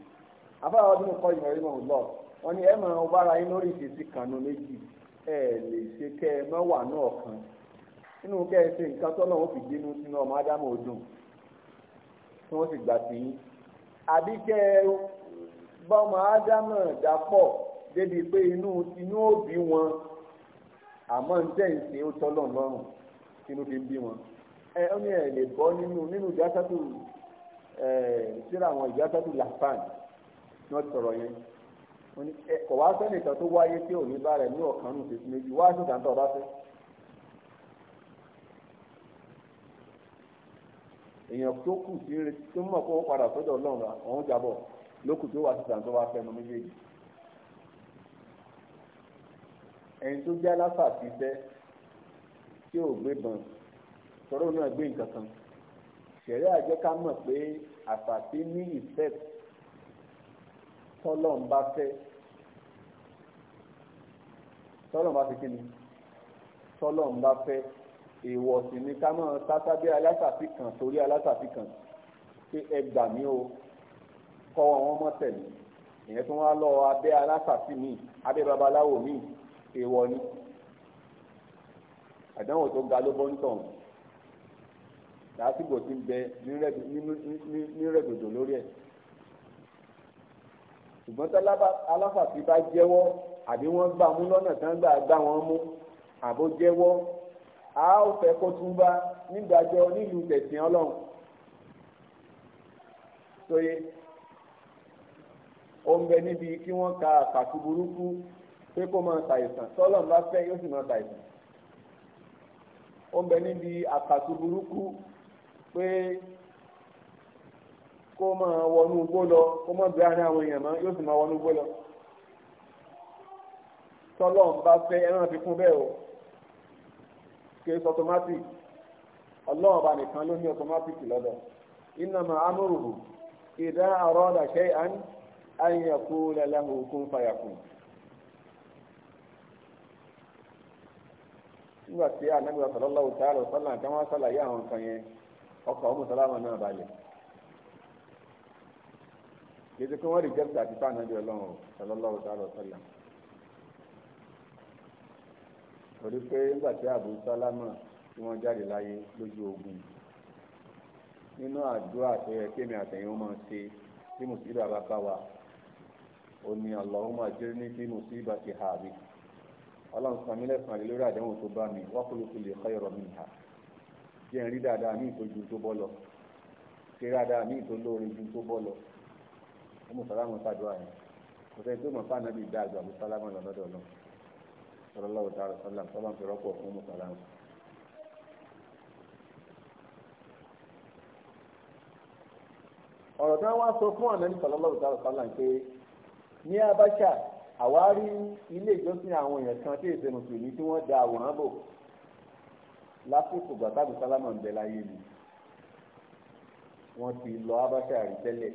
afárá ọdún kọ́ ìmọ̀ ìmọ̀ lọ wọn ni ẹ mọ̀ ọ bára yín lórí ìṣesí kan nu méjì ẹ lè ṣe kẹ ẹ mọ́ wà náà kan nínú kẹ ẹ ṣe nǹkan tọ́lọ̀ wọn fi dínú sínú ọmọ ádámù ọdún tí wọ́n sì gbà sí yín àbí kẹ ẹ bá ọmọ ádámù dàpọ̀ débi pé inú tinú òbí wọn àmọ́ ń tẹ̀sí ó tọ́lọ̀ lọ́rùn kí ló fi ń bí wọn ẹ ọ ní ẹ lè bọ́ nínú nínú ìjásátù ẹ síra àwọn ìjásátù làfàn ni wọ́n ti sọ̀rọ̀ yẹn wọ́n ní ẹ kọ̀ wá sẹ́ni kan tó wáyé tí ò ní bá rẹ̀ ní ọ̀kan nù fèsì méjì wá sí ìdáńtọ́ ọba fẹ́. èèyàn tó kù sí tó mọ̀ kó padà sọ́dọ̀ ọlọ́run ọ̀hún jábọ̀ lókù tó wá sí ìdáńtọ́ ọba fẹ́ nu méjèèjì ẹni tó jẹ́ aláfà ti fẹ́ tí ò gbé bàn tọrọ náà gbé nǹkan kan ṣẹ̀rí àjẹ́ ká mọ̀ pé àfàtí ní ìfẹ́ tọ́lọ̀ ń bá fẹ́ tọ́lọ̀ ń bá fi kíni tọ́lọ̀ ń bá fẹ́ èèwọ̀ sì ni ká mọ̀ sátábí alásàfi kan torí alásàfi kan pé ẹ gbà mí o kọ́ wọn mọ́ tẹ̀lé ìyẹn tí wọ́n á lọ abẹ́ alásàfi míì abẹ́ babaláwo míì èèwọ̀ ni àdánwò tó ga ló bọ́ ń tàn lásìkò tí ń bẹ nírẹ̀gbòdò lórí ẹ̀ ṣùgbọ́n tí aláfàtì bá jẹ́wọ́ àbí wọ́n gbà mú lọ́nà tán gbà gbà wọ́n mú àbó jẹ́wọ́ a ó fẹ́ kó tún bá nígbàjọ nílùú tẹ̀sìn ọlọ́run sóye ó ń bẹ níbi kí wọ́n ka pàtó burúkú pé kó máa ṣàìsàn tọ́lọ́run bá fẹ́ yóò sì máa ṣàìsàn ó ń bẹ níbi àkàtú burúkú pé kó máa wọnú igbó lọ kó má bí ara àwọn èèyàn mọ́ yóò sì máa wọnú igbó lọ tọ́lọ́ ń bá fẹ́ ẹran fi kún bẹ́ẹ̀ o kì í sọ ọba nìkan ló ní nígbà tí anabi sallallahu ta'ala wa sallam tí wọ́n sàlàyé àwọn nǹkan yẹn ọkọ̀ ọmọ sàlámà náà balẹ̀ yẹtí pé wọ́n rí jẹ́pítà àti fáànà bí ọlọ́run sallallahu ta'ala wa sallam torí pé nígbà tí Abu Salama tí wọ́n jáde láyé lójú ogun nínú àdúrà tó yẹ kémi àtẹ̀yìn ó máa ṣe tí mùsíbà bá bá wa ó ní Allahumma ajirni ọlọ́run san mí lẹ́sàn án lórí àdéhùn tó bá mi wákòlókò lè kọ́ ìrọ̀ mi hà jẹ́ ń rí dáadáa míì tó ju tó bọ́ lọ ṣe dáadáa míì tó lóore ju tó bọ́ lọ ó mọ̀ sálámù sàdúrà yẹn kò sẹ́ni tó mọ̀ dára sọlá sọlá ń fi rọ́pò fún mọ̀ ọ̀rọ̀ tí wọ́n wá sọ fún àná ní sọlọ́láwò dára sọlá ń pé ní abáṣà àwárí ilé ìjọsìn àwọn èèyàn kan tí èsè mùsùlùmí tí wọ́n da àwòrán bò lásìkò gbàtàbí sálámà ń bẹ láyé ni wọ́n ti lọ abáṣà rí tẹ́lẹ̀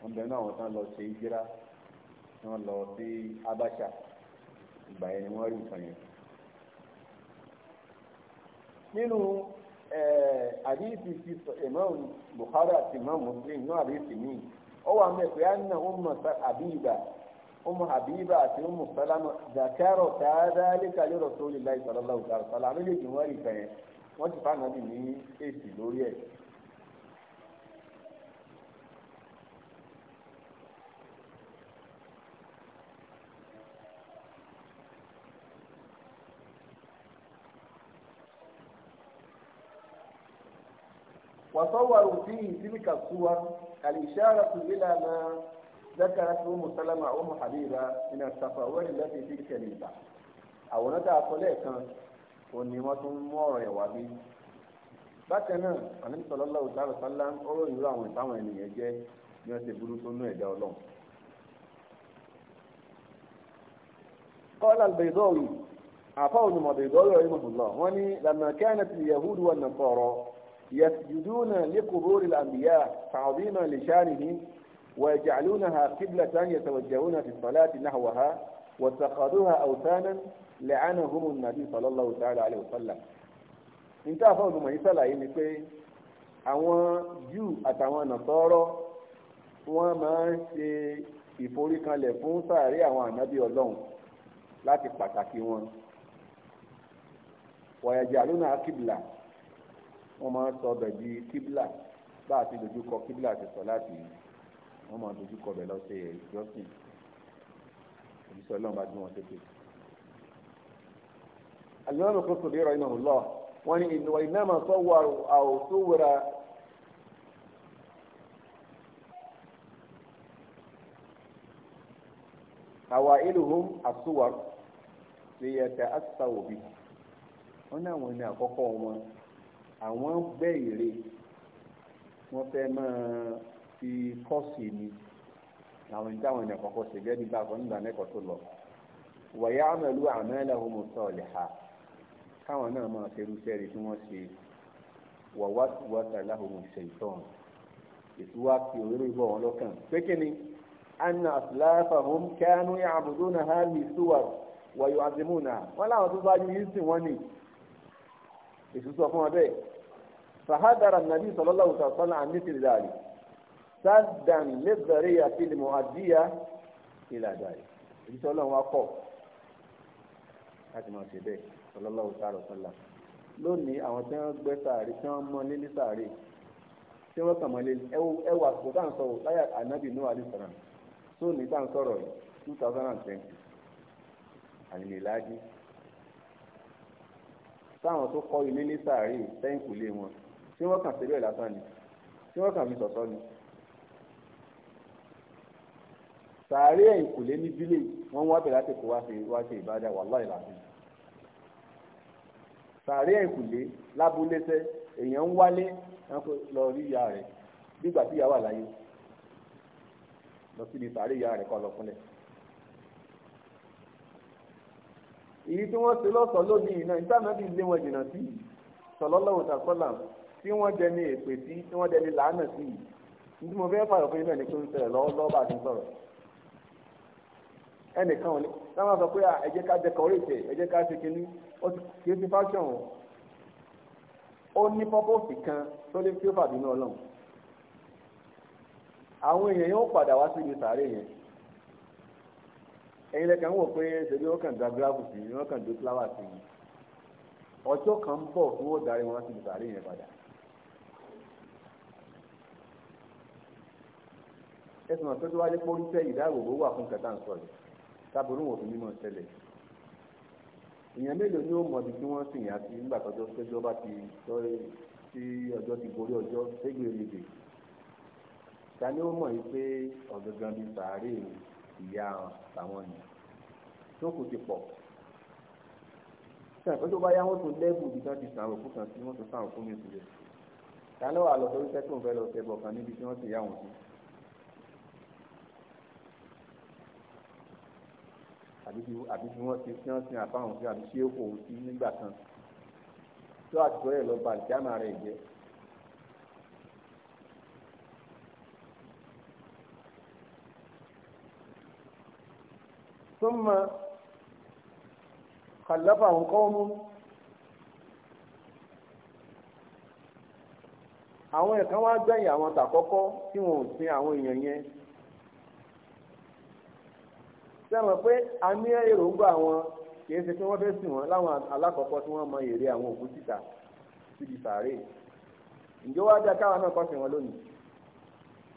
wọ́n bẹ̀rẹ̀ náà wọ́n tán lọ ṣe ìjírá wọ́n lọ sí abáṣà ìgbà yẹn ni wọ́n rí nǹkan yẹn. nínú àdìsí ti Imam Bukhari àti Imam Muslim náà àdìsí míì ó wà mẹ́pẹ́ á nà ó mọ̀ àbí ìgbà umu habiba àti umu salama zakaro kadhalika li rasulillahi sallallahu alaihi wa sallam méjèèjì wọ́n rí fẹ́ wọ́n ti fáwọn àbí ní èsì lórí ẹ̀. وصوروا فيه تلك الصور الإشارة إلى ما ذكرت أم سلمة أم حبيبة من الصفوان التي في الكنيسة àwọn náà dáa kọlé kan òní wọn tún mú ọ̀rọ̀ yẹn wá bí bákan náà ànábì sallallahu alaihi wasallam ń ọ̀rọ̀ ìlú àwọn ìtàwọn ènìyàn jẹ ní ọ̀sẹ̀ burú tó nú ẹ̀dá Ọlọ́run. qala al-Baydawi àfa onímọ̀ Baydawi rahimahullah wọn ní lamma kanat al-yahudu wan-nasara yasjuduna li quburi al-anbiya ta'ziman li shanihi ويجعلونها قبلة يتوجهون في الصلاة نحوها واتخذوها أوثانا لعنهم النبي صلى الله تعالى عليه وسلم níta àfọwọ́dún mọ̀ yìí sàlàyé ni pé àwọn Júù àtàwọn nàtọ́rọ́ wọ́n máa ń ṣe ìforíkanlẹ̀ fún sàárè àwọn ànábì ọlọ́run láti pàtàkì wọn wọ̀yàjà lónà kíbìlà wọ́n máa ń sọ ọbẹ̀ di kíbìlà bá a ti dojú kọ kíbìlà ti sọ láti yìí wọ́n máa dojú kọ bẹ̀ lọ́sẹ̀ ìjọsìn ìbísọ̀ ọlọ́run bá gbé wọn ṣépè. àlùmọ́ọ̀nù kò sòdí ìrọ̀ ìnáwó lọ wọ́n ní ìnáwó iná máa sọ wọ àwòsówera àwa ìlúhùn àsúwà lè yẹtẹ àsàwò bí wọ́n ní àwọn ní àkọ́kọ́ wọn àwọn bẹ́ẹ̀ rè wọ́n fẹ́ máa ti kọ́ọ̀sì mi àwọn ìjáwọn ènìyàn kọ̀ọ̀kan ṣe gẹ́gẹ́ nígbà kan nígbà mẹ́kọ̀ọ́ tó lọ wọ̀yá àmọ́lú àmọ́lẹ́hùn mọ̀tọ́ ọ̀lẹ́hà káwọn náà máa ṣe irúṣẹ́ rẹ̀ tí wọ́n ṣe wọ̀wá tìwọ́tà láhùn ṣe ìtọ́n ìtura fi òróró ìbọ̀ wọn lọ́kàn pé kí ni anna asláfàhùn kánú àbùdó náà hàn ní ìṣúwà wọ̀yọ̀ àdìmúnà wọn láwọn tó bá yí sìn wọ́n ni èsì sọ fún wọn bẹ́ẹ̀ fàhádàrà nàbí sọlọ́lá sadan lẹ́gbẹ̀rẹ́ àti lèmọ̀ádìyà ìlàdàrí èyí tó lọ́wọ́ akọ láti máa ṣe bẹ́ẹ̀ ọlọ́lọ́wọ́ sáré ọ̀sánlá lónìí àwọn tí wọ́n gbẹ́ sàárè tí wọ́n mọ nílé sàárè tí wọ́n kàn mọ́ lé ẹwà kò tá à ń sọ̀rọ̀ láyà ànábì noah alayhi salam tó ní tá à ń sọ̀rọ̀ yìí two thousand and twenty àlìmíláàdì táwọn tó kọ́ ilé ní sàárè sẹ́yìn lé wọn tí wọ́n kàn síbẹ̀ lásán ni tí wọ́n kàn fi sọ̀tọ́ ni sàárè ẹ̀yìn kò lé ní village wọ́n wá bẹ̀rẹ̀ láti kó wá ṣe wá ṣe ìbádà wàláhì láti sàárè ẹ̀yìn kò lé lábúléṣẹ́ èèyàn ń wálé lọ rí ìyá rẹ̀ nígbà tí ìyá wà láyé lọ síbi sàárè ìyá rẹ̀ kọ́ lọ fúnlẹ̀. èyí tí wọ́n ṣe lọ́sọ̀ọ́ lónìí náà nígbà náà bí ilé wọn jìnnà sí sọlọ́lọ́wọ́ tàkọ́là tí wọ́n dẹni èpè sí tí wọ́n dẹni làánà sí yìí nítorí mo fẹ́ fàyọ̀ fún yín náà ní kí n sẹ̀rẹ̀ lọ́wọ́ lọ́wọ́ bá a ti sọ̀rọ̀ ẹnìkan ò ní táwọn sọ pé ẹ jẹ́ ká dẹkọrétì ẹ jẹ́ ká ṣe kinní ó ti kì í ṣe fashion o ó ní pọ́pọ́sì kan tó lè fi ó fàbínú ọlọ́run àwọn èèyàn yóò padà wá síbi sàárè yẹn ẹ̀yin lẹ́kàn wò pé ṣèlú wọn kàn dá gíráàfù sí i wọn kàn dé fúláwà sí i ọjọ́ kan ń bọ̀ tí wọ́n darí wọn síbi sàárè yẹn padà. ẹ̀sùn ọ̀sẹ̀ tó wáyé pé oríṣẹ́ ìdáàbòbò wà fún kẹta ń sọ̀rọ̀ tábìlì wọn ò fi mímọ̀ ṣẹlẹ̀ èèyàn mélòó ni ó mọ̀ ibi tí wọ́n sìn yá sí nígbà tọ́jọ́ tẹ́jọ́ bá ti sọ tí ọjọ́ ti gorí ọjọ́ ségbèrè lèdè ta ni ó mọ̀ yìí pé ọ̀gangan bíi sàárè ìyá àwọn yìí tó kù ti pọ̀ sàn pé tó bá yá wọ́n tún lẹ́bù ibi tí wọ́n ti sàn òkú kan sí wọ́n tún sàn òkú mi sílẹ̀ ta ló wà lọ sórí sẹ́kùn fẹ́ lọ sẹ́bọ̀ kan níbi tí wọ́n ti yá wọn sí. àbí bí wọ́n ti fi hàn sí àfáhùn sí àbí ṣé òkò sí nígbà kan tó àtúntò rẹ̀ lọ ba ìjáàmà rẹ̀ jẹ́. ثم خلفه قوم àwọn ẹ̀kan wá gbẹ̀yìn àwọn tàkọ́kọ́ tí wọn ò sin àwọn èèyàn yẹn sẹ́wọ̀n pé a ní èròǹgbà àwọn kìí ṣe pé wọ́n fẹ́ sìn wọ́n láwọn alákọ̀ọ́kọ́ tí wọ́n mọ èrè àwọn òkú síta síbi sàárè ǹjẹ́ wàá dá káwa náà kọ́sìn wọn lónìí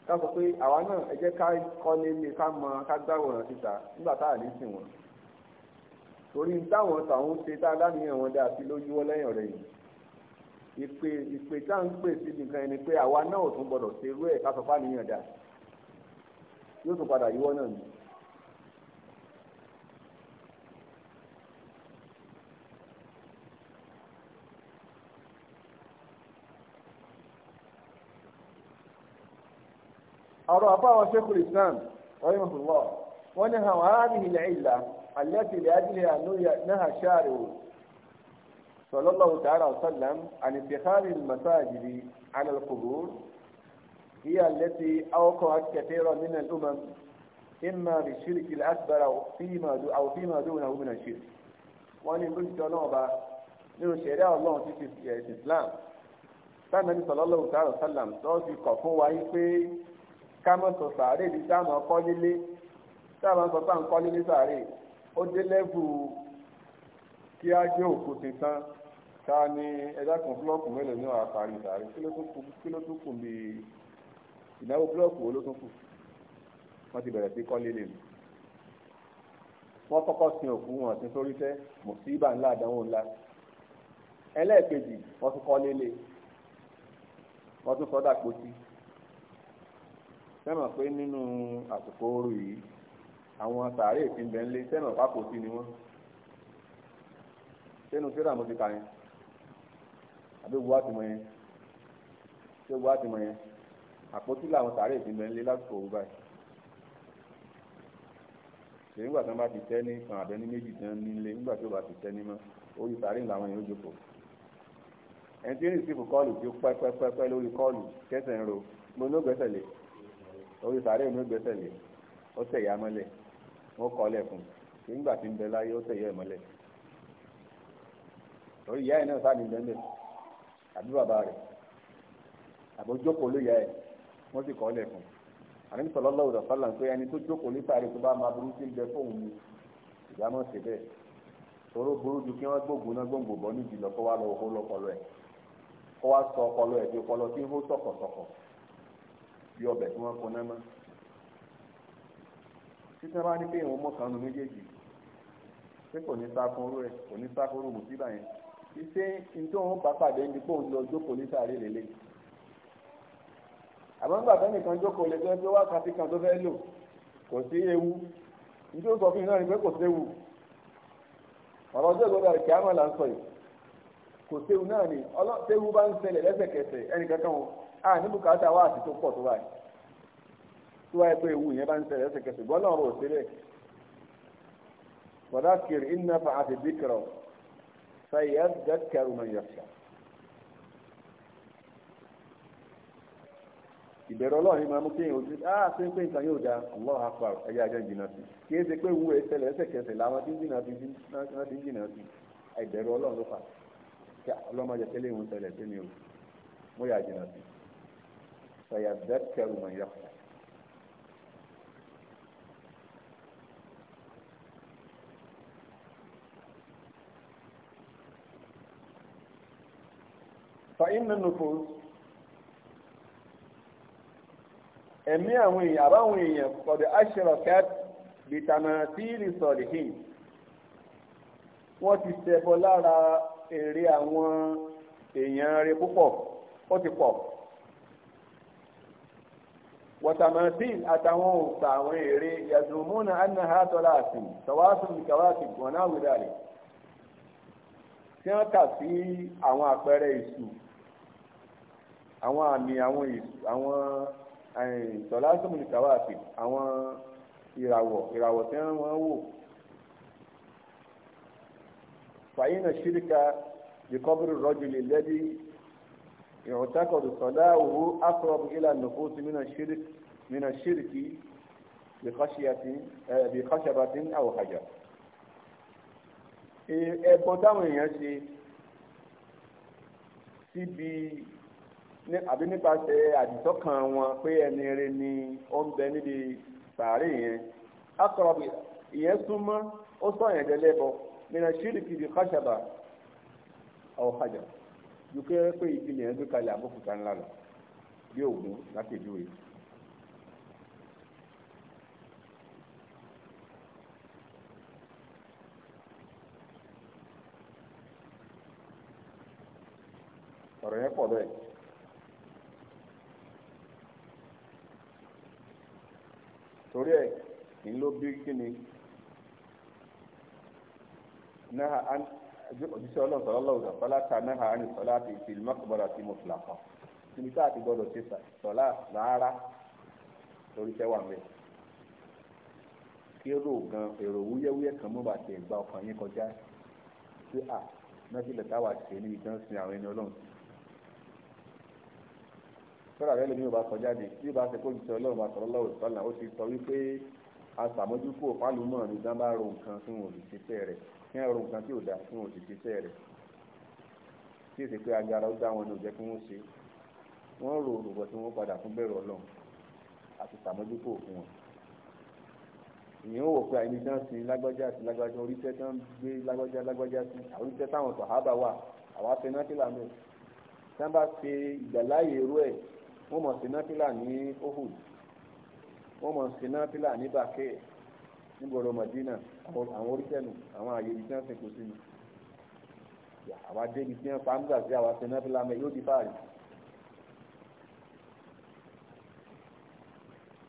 ká sọ pé àwa náà ẹ jẹ́ ká kọ́lé lé ká mọ ká gbàwòrán síta nígbà táà ní sìn wọn torí táwọn tàwọn ṣe tá a láníyàn wọn dáa sí lójú wọn lẹ́yìn ọ̀rẹ́ yìí ìpè ìpè tá à ń pè sí nìkan ẹni pé àwa náà ò tún gbọdọ̀ ṣerú ẹ̀ ká sọ fáníyàn dáa yóò tún padà yíwọ́ náà nìyí. ọ̀rọ̀ àbá àwọn sẹ́kùl islam wọ́n yóò fún wọ́ wọ́n ní hàn wàhálà ní ilẹ̀ ìlà àlẹ́tì ilẹ̀ ajílẹ̀ ànúyà náà ṣáàrò sọlọ́lọ́wọ́ tààrà ọ̀sọ́làm ànìfẹ́hárì masajidi alàlùkùrù هي التي أوقعت كثيرا من الأمم إما بالشرك الأكبر أو فيما أو فيما دونه من الشرك wọ́n ní lójú tó náà bá nínú ṣẹ̀ríà ọlọ́run títí ẹ̀sìn islam sáà nàbí sọlọ́lọ́wọ́ tààrà ọ̀sọ́làm tó ti kọ̀ fún wa yí pé kámọ́sọ̀ sàárè bíi táwọn ọkọ́ nílé táwọn sọ pé à ń kọ́ nílé sàárè ó dé lẹ́bù kí á jẹ́ òkú ti tán ká ní ẹ̀dá kan búlọ́ọ̀kù mélòó ní wàá parí sàárè kí ló tún kù bí ìnáwó búlọ́ọ̀kù wo ló tún kù wọ́n ti bẹ̀rẹ̀ sí kọ́ nílé mi wọ́n kọ́kọ́ sin òkú wọn sí sórí tẹ́ mùsíbà ńlá àdánwò ńlá ẹlẹ́ẹ̀kejì wọ́n tún kọ́ nílé wọ́n tún sọ́dà pósí sẹ́mọ̀ pé nínú àsìkò ooru yìí àwọn sàárè ìpínlẹ̀ ńlẹ̀ sẹ́mọ̀ pákó sí ni wọ́n sẹ́nu sẹ́dà mo ti kà yẹn àbí wo àtìmọ̀ yẹn ṣé wo àtìmọ̀ yẹn àpótí làwọn sàárè ìpínlẹ̀ ńlẹ̀ lásìkò òwú báyìí ṣèyí ńgbà tí wọ́n bá ti tẹ́ ní kan àbẹ́ ní méjì tí wọ́n nílé nígbà tí wọ́n bá ti tẹ́ ní mọ́ orí sàárè làwọn èèyàn jókòó ẹni tí ń rìsífù kọ́ọ̀lù tí ó pẹ́pẹ́pẹ́pẹ́ lórí kọ́ọ̀lù kẹsẹ̀ ń ro mo ní ó gbẹ́sẹ̀ lé orí sàárẹ̀ ní ògbésẹ̀ lé ó tẹ̀yà mọ́lẹ̀ ó kọ́lẹ̀ fún un nígbà tí ń bẹ láyé ó tẹ̀yà mọ́lẹ̀ orí ìyá ẹ̀ náà sáà ní bẹ́ẹ̀ àbí bàbá rẹ̀ àbí jókòó ló yá ẹ̀ wọ́n sì kọ́lẹ̀ fún un àní sọlọ́lọ́ òdò sọ́là ń pé ẹni tó jókòó ní sàárẹ̀ tó bá máa burú sí ń fóun ni ìgbà mọ̀ sí bẹ́ẹ̀ toro burú ju kí wọ́n gbógun náà bí ọbẹ̀ tí wọ́n kọ́ná mọ́ títí wọ́n bá ní pé ìwọ̀n mọ̀kànnù méjèèjì pé kò ní sá fún orú ẹ̀ kò ní sá fún orú mùsíbà yẹn iṣẹ́ nítorí bá pàdé ní pé òun lọ jókòó ní sàárè lélẹ̀ àmọ́ nígbà tó nìkan jókòó lè jẹ́ pé wákàtí kan tó fẹ́ lò kò sí ewu nítorí sọ fún iná ni pé kò séwu ọ̀rọ̀ ọjọ́ ìgbọ́dọ̀ àti àmọ́ là ń sọ yìí kò séwu náà ni ọlọ́ séwu bá a ní bùkátà wa àti tó pọ̀ tó báyìí tó wáyé pé ewu yẹn bá ń ṣẹlẹ̀ ẹsẹ̀kẹsẹ̀ bọ́lá ọ̀rọ̀ ò sílẹ̀ kiri iná fa àti bíkìrọ̀ fẹ̀yẹ́ dẹ́kẹ̀rù mọ̀ yẹ̀fẹ̀. ìbẹ̀rù ọlọ́run máa mú kéèyàn ojú ah ṣé pé nǹkan yóò da allah akbar ẹ̀yà ajá ń jìnnà sí kí é ṣe pé ewu ẹsẹ̀lẹ̀ ẹsẹ̀kẹsẹ̀ làwọn tí ń jìnnà sí náà ti ń jìnnà sí ọlọ́run ló fà tẹ́lẹ̀ o فيذكر من يخشى فإن النفوس ẹ̀mí àwọn èèyàn àbáwọn èèyàn kọ̀dọ̀ aṣọ́rọ̀kẹ́ bìtàmàtìrì sọ̀lìhìn wọ́n ti ṣẹbọ lára èrè àwọn èèyàn rẹ̀ púpọ̀ ó ti pọ̀ وتماثيل أتمون òòsà يزعمون أنها yàtùmúnà تواصل tọ́láàtì tọ́wásùn ذلك gbọ̀nà wìdàlẹ̀ tí wọ́n kà sí àwọn àpẹẹrẹ èṣù àwọn àmì àwọn tọ́lásùn kàwáàtì àwọn ìràwọ̀ ìràwọ̀ tí wọ́n wò fàyínà ṣíríkà bí rọ́jùlẹ̀ lẹ́bí يعتقد صلاه أقرب إلى النفوس من الشرك من الشرك بخشية بخشبة أو حجر ẹ̀bọ̀n táwọn èèyàn ṣe síbi àbí nípasẹ̀ àdìsọ́kàn wọn pé ẹni rẹ ni ó ń bẹ níbi sàárè yẹn akọrọbì ìyẹn súnmọ́ ó sọ nínú ṣírìkì bíi khashaba ju kí ẹ pé ìpìlẹ̀ ẹ̀ ń gbé kalẹ̀ àbókúta ńlá lọ bí ògùn lápèjúwe. ọ̀rọ̀ yẹn pọ̀ bẹ́ẹ̀. torí ẹ̀ ń ló bí kíni náà òjíṣẹ́ ọlọ́run sọ̀rọ̀lọ́ ọ̀dà sọ́lá ta náà àárín sọ́lá ti fi mọ́kànbọ́dà tí mo fìlà kan níbi tá a ti gbọ́dọ̀ ṣe sọ́lá rárá lórí tẹ́wà ń bẹ̀. kí èrò gan èrò wúyẹ́wúyẹ́ kan mọ́ bàtẹ̀ ìgbà ọkàn yín kọjá sí à nọ́sílẹ̀ táwa ṣe níbi tán sin àwọn ẹni ọlọ́run. sọ́dà rẹ lómi ò bá kọjá dé bí ó bá ṣe kó ọlọ́run bá sọ kí wọ́n ro nǹkan tí ò dá fún òsì ṣiṣẹ́ rẹ̀ tí èsì pé agara ó dá wọn ní òjẹ́ kí wọ́n ṣe wọ́n ro òrùkọ tí wọ́n padà fún bẹ̀rẹ̀ ọlọ́run àti sàmójúkò fún wọn ìyẹn wò pé àìní tán sí lágbájá sí lágbájá oríṣẹ́ tán gbé lágbájá lágbájá sí oríṣẹ́ táwọn sàhábà wà àwa ṣe náfìlà náà tán bá ṣe ìgbàláyè irú ẹ̀ wọ́n mọ̀ ṣe náfìlà ní Uhud wọ́n mọ̀ ṣe náfìlà ní bàkẹ́ẹ̀ nígboro Madina àwọn oríṣẹ́nu àwọn àyè ibi tí wọ́n sìnkú sínú àwa débi tí wọ́n pa ń gbà sí àwa sinú ẹ́fílà mẹ́ yóò di báyìí.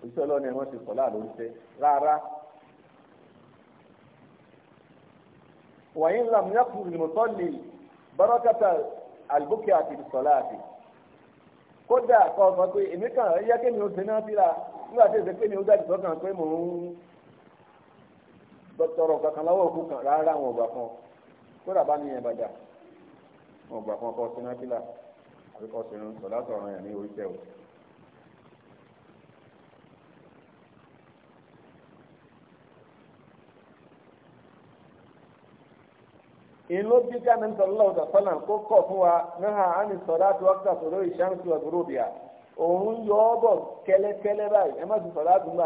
oṣìṣẹ́ ọlọ́ni ẹ̀wọ̀n ti sọ̀lá lóríṣẹ́ rárá. wàyí ńlá mi yàtọ̀ ìmọ̀tọ́lì bọ́rọ́kátà àlùbókè àti ìsọ̀lá àti. kódà kọ́ ọ sọ pé èmi kàn yẹ kémi ó ṣe náà síra nígbà tí èsè pé mi ó dájú sọ́kàn pé mò ń tọrọ kankan lọ́wọ́ òkú kan rárá àwọn ọgbà kan kódà bá nìyẹn bàjá àwọn ọgbà kan kọ sínú ápílà àbí kọ sínú sọlá tọrọ yẹn ní orí tẹ o. ìlú bí káàmì sọlọ́wọ́ sọ̀tọ́nà kó kọ̀ fún wa náà á ní sọ̀lá tó wákàtà sọ̀rọ̀ ìṣàǹtì ọ̀gbọ̀rọ̀ bìà òun yọ ọ́ bọ̀ kẹ́lẹ́kẹ́lẹ́ báyìí ẹ má ti sọ̀lá tó gbà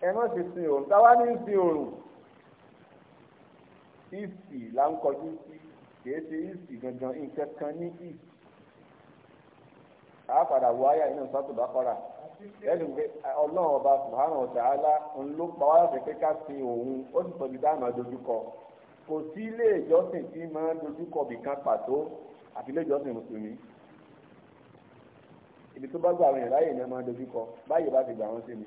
ẹ má ti sin òrùn táwa ní sin òrùn ìsì là ń kọjú sí kìí ṣe ìsì gangan nǹkan kan ní ìsì àápàdà wọ àyà inú sátúbà kọ́ra lẹ́nu pé ọlọ́run ọba subhanahu wa ta'ala ń ló pa wá láti pé ká sin òun ó sì sọ̀dí dáàmú àdójúkọ kò sí ilé ìjọsìn tí máa ń dojúkọ bìkan pàtó àti ilé ìjọsìn mùsùlùmí ibi tó bá gbà àwọn èèyàn láàyè ni ẹ máa ń dojúkọ báyìí bá ti gbà wọn sí mi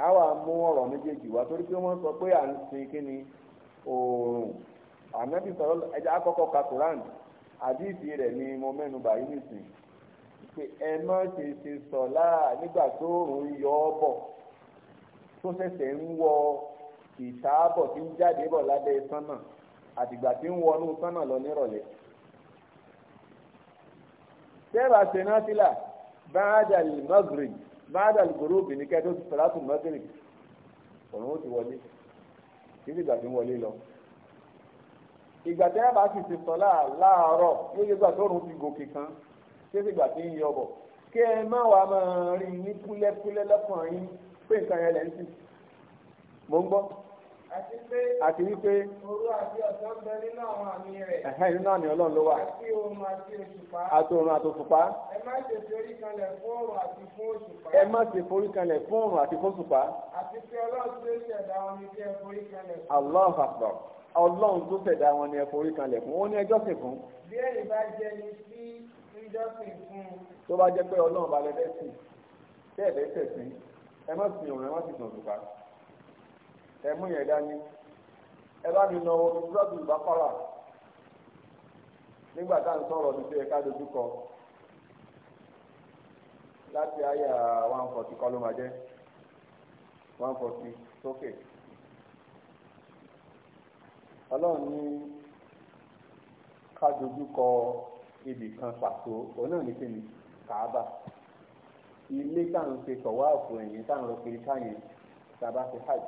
a wà mú ọ̀rọ̀ méjèèjì wá torí pé wọ́n sọ pé à ń sin kí ni oòrùn ànábì sọ̀rọ̀ ẹja akọ́kọ́ ka Quran àdìsí rẹ̀ ni mo mẹ́nu bàyí nìsín pé ẹ má ṣe ṣe sọ̀lá nígbà tó òòrùn yọ ọ́ bọ̀ tó ṣẹ̀ṣẹ̀ ń wọ ìtaábọ̀ tí ń jáde bọ̀ lábẹ́ sánmà àtìgbà tí ń wọnú sánmà lọ nírọ̀lẹ́ tẹ́ẹ̀bà ṣe náà sílà bá àjà lè mọ́gìrì báàdà lùgbòrò obìnrin kẹ́ tó ti sọ̀rọ̀ àtùn mọ́tìrì òun ó ti wọlé kí ni ìgbà tí ń wọlé lọ. ìgbà tí wọn bá sì ti sọ láàárọ̀ yóò yẹ gbà tó òun ti gòkè kan kí ni ìgbà tí ń yọ bọ̀ kí ẹ má wà máa rí ní kúlẹ́kúlẹ́ lọ́kàn yín pé nǹkan yẹn lẹ́ ń sìn ń gbọ́ àti wípé òru àti ọ̀sán bẹ nínú àwọn àmì rẹ̀. ẹ̀hẹ́ nínú àmì ọlọ́run ló wà. àti oòrùn àti òṣùpá. àti oòrùn àti òṣùpá. ẹ má ṣe forí kanlẹ̀ fún oòrùn àti fún òṣùpá. ẹ má ṣe forí kanlẹ̀ fún oòrùn àti fún òṣùpá. àti pé ọlọ́run tó ṣẹ̀dá wọn ni kẹ́ ẹ forí kanlẹ̀ fún. Allahu Akbar ọlọ́run tó ṣẹ̀dá wọn ni ẹ forí kanlẹ̀ fún ó ní ẹjọ́ sì fún. bí ẹ̀yin bá jẹ́ ni sí ìjọsìn fún. tó bá jẹ́ pé ọlọ́run bá lẹ ẹ̀mú yẹn dání ẹ bá mi nà omi búrọ́dù ìbákọ́rà nígbà tá à ń sọ̀rọ̀ ní sẹ́yẹ ká dojú kọ láti àyà one forty kọ́ ló máa jẹ́ one forty sókè ọlọ́run ní ká dojú kọ ibì kan pàtó òun náà ní kíni kàábà ilé tá à ń ṣe sọ̀wáàfù ẹ̀yìn tá à ń lọ kiri káyẹn tá a bá ṣe hajj.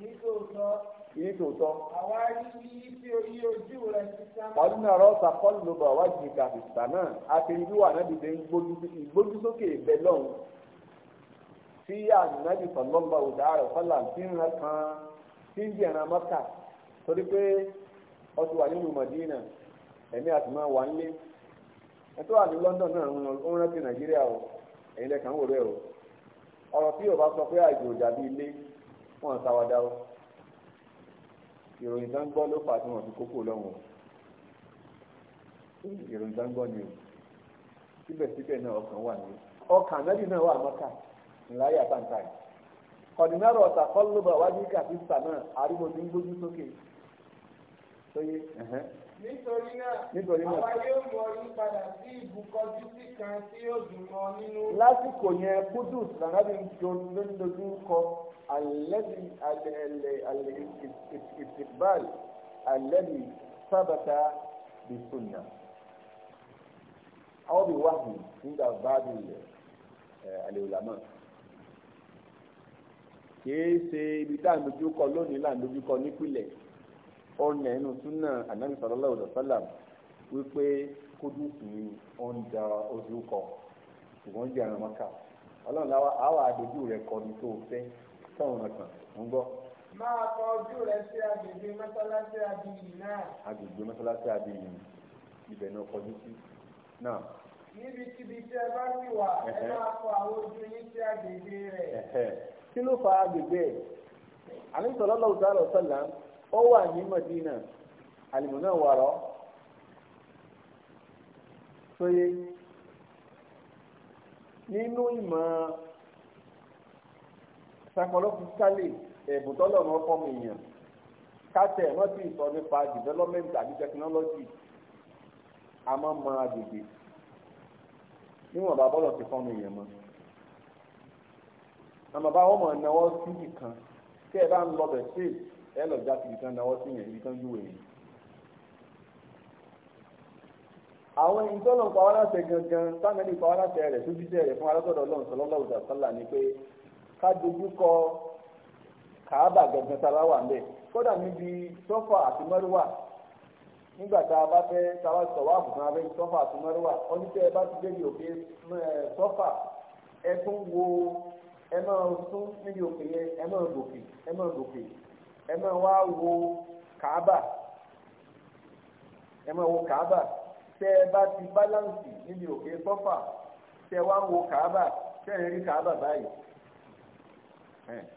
ní ụtọ. ní tòótọ́. àwa rí iye ojú rẹ ti ọdún náà rọ́ọ̀sà kọ́lù ló bá náà náà dìde ìgbójúsókè ìbẹ lọ́hùn. tí sọ̀lọ́mbà òdà rẹ̀ kan tí ń dìran torí pé wà nínú Mọ̀dínà ẹ̀mí àti máa wà nílé wà ní London náà ń rántí Nàìjíríà o ẹ̀yin lẹ́kàn wò rẹ̀ o ọ̀rọ̀ tí sọ pé àjò dàbí wọ́n àtàwádà ó ìròyìn ń gbọ́ ló fà tí wọ́n fi kókó lọ́wọ́ ìròyìn ń gbọ́ ni o síbẹ̀síbẹ̀ náà ọkàn wà ní ọkàn náà náà wà mọ́kà ńláyà táǹtà yìí kọ̀dínárò ọ̀tà wájú sà náà ti ń gbójú sókè sóyè nítorí náà àwa yóò mọ sí kan tí yóò dùn nínú. lásìkò yẹn kọ الذي alẹ́ìtìbal alẹ́bi sábàtà bí sunna aw bi wahyi nígbà báàbí alẹ́wòlámà kìí ṣe ibi tá à ń dojúkọ lónìí là ń dojúkọ nípìnlẹ̀ ọ̀nà ẹnu súnà ànábì sallallahu alaihi wasallam wípé kódùsù ni ó ń da ojú kọ ṣùgbọ́n jẹ́ ẹran mọ́ká ọlọ́run láwa àwa àdójú rẹ̀ kọ ni tó fẹ́ táwọn ọ̀nà kan ń gbọ́. agbègbè mọ́sálásí abiyì náà. agbègbè mọ́sálásí abiyì na. náà kọjú sí tí ẹ bá sì wà ẹ máa kọ àwọn ojú yín sí agbègbè rẹ̀. kí ló fa agbègbè ẹ̀ àmì ó wà Madina nínú ìmọ̀ psychologically ẹ̀bùn tọ́lọ̀ wọn fọ́ mi yàn kátẹ̀ wọ́n ti sọ nípa development àti technology a máa mọ agbègbè níwọ̀n bá bọ́lọ̀ ti fọ́ mi yàn mọ́ àmọ́ bá wọ́n mọ̀ náwó sí nìkan tẹ́ ẹ bá ń lọ bẹ̀ sí ẹ lọ já sí nìkan náwó sí yẹn nìkan yúwe yẹn. àwọn ẹni tó lọ ń pa wá láṣẹ gangan sáà náà ní pa wá láṣẹ rẹ̀ sójú tẹ̀ rẹ̀ fún alọ́gọ́dọ̀ ọlọ́run sọlọ́lá òdà sọ́là ni pé ká kọ kàábà gẹ̀gẹ̀ tara wà ńbẹ̀ kódà níbi sọ́fà àti mẹ́rùwà nígbà tá a bá fẹ́ tàwa sọ̀wọ́ àbùkún abẹ́ sọ́fà àti mẹ́rùwà ẹ bá ti débi òkè sọ́fà ẹ tún wo ẹ máa tún níbi òkè yẹn ẹ máa gòkè ẹ máa gòkè ẹ wo kàábà ẹ máa wo kàábà tẹ́ ẹ bá ti níbi òkè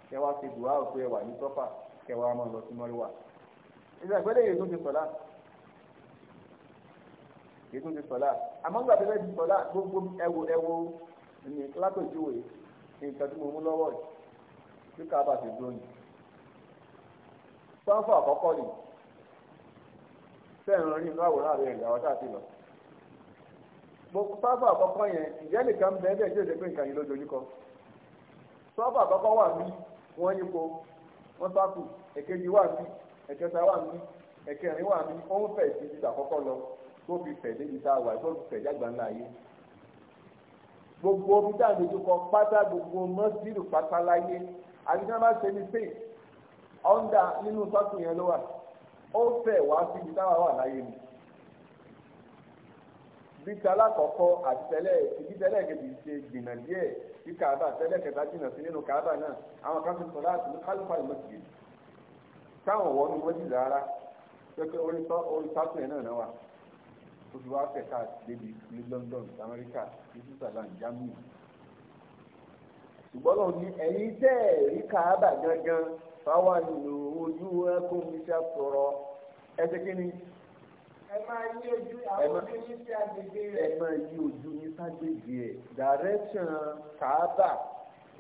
kẹ wá ṣe dùá òkú ẹwà ní sọ́fà kẹ wá máa lọ sí mọ́ríwá ìgbà ìgbẹ́lẹ̀ yìí tó ti sọ̀lá yìí tó ti sọ̀lá àmọ́ nígbà tó fẹ́ ti sọ̀lá gbogbo ẹwo ẹwo ní látòjúwe nǹkan tí mo mú lọ́wọ́ yìí tí káàbà ti dúró ni sọ́fà àkọ́kọ́ ni sẹ́ẹ̀rán rí inú àwòrán àbẹ̀rẹ̀ ìyàwó tá a ti lọ gbogbo sọ́fà àkọ́kọ́ yẹn ìjẹ́ nìkan bẹ́ẹ̀ bẹ́ẹ̀ tí ò sọ́ọ̀bù àkọ́kọ́ wà ní wọ́n yípo wọ́n sákù èkejì wà ní ẹ̀kẹta wà ní ẹ̀kẹrin wà ní ó ń fẹ̀ sí ibi àkọ́kọ́ lọ tó fi fẹ̀ débi tá a wà tó fi fẹ̀ jágbá ńlá yé gbogbo omi tá a dojú kọ pátá gbogbo mọ́sídìrì pátá láyé àbíká má ṣe ní pé ọ̀ndà nínú sọ́ọ̀tù yẹn ló wà ó fẹ̀ wá síbi táwa wà láyé ni bí tẹ́lá kọ̀ọ̀kọ́ àti tẹ́lẹ̀ ìdí tẹ́lẹ̀ kejì ṣe gbìnà díẹ̀ sí kaaba tẹ́lẹ̀ kẹta jìnnà sí nínú kaaba náà àwọn kan ti sọ láti ní kálífà ìmọ̀tìrì táwọn wọ́n ní wọ́jì rárá pẹ́pẹ́ orí sáfù ẹ̀ náà náà wà ó fi wá fẹ̀ káà débi ní London Amẹ́ríkà ní Switzerland Germany ṣùgbọ́n lọ́wọ́ ní ẹ̀yin tẹ́ ẹ̀ rí kaaba gangan fáwọn ìlú ojú ẹkùn iṣẹ́ sọ̀rọ̀ ẹ ẹ máa yí ojú àwọn ojú yín sí agbègbè rẹ̀. ẹ máa yí ojú yín ságbègbè ẹ̀ direction kàábà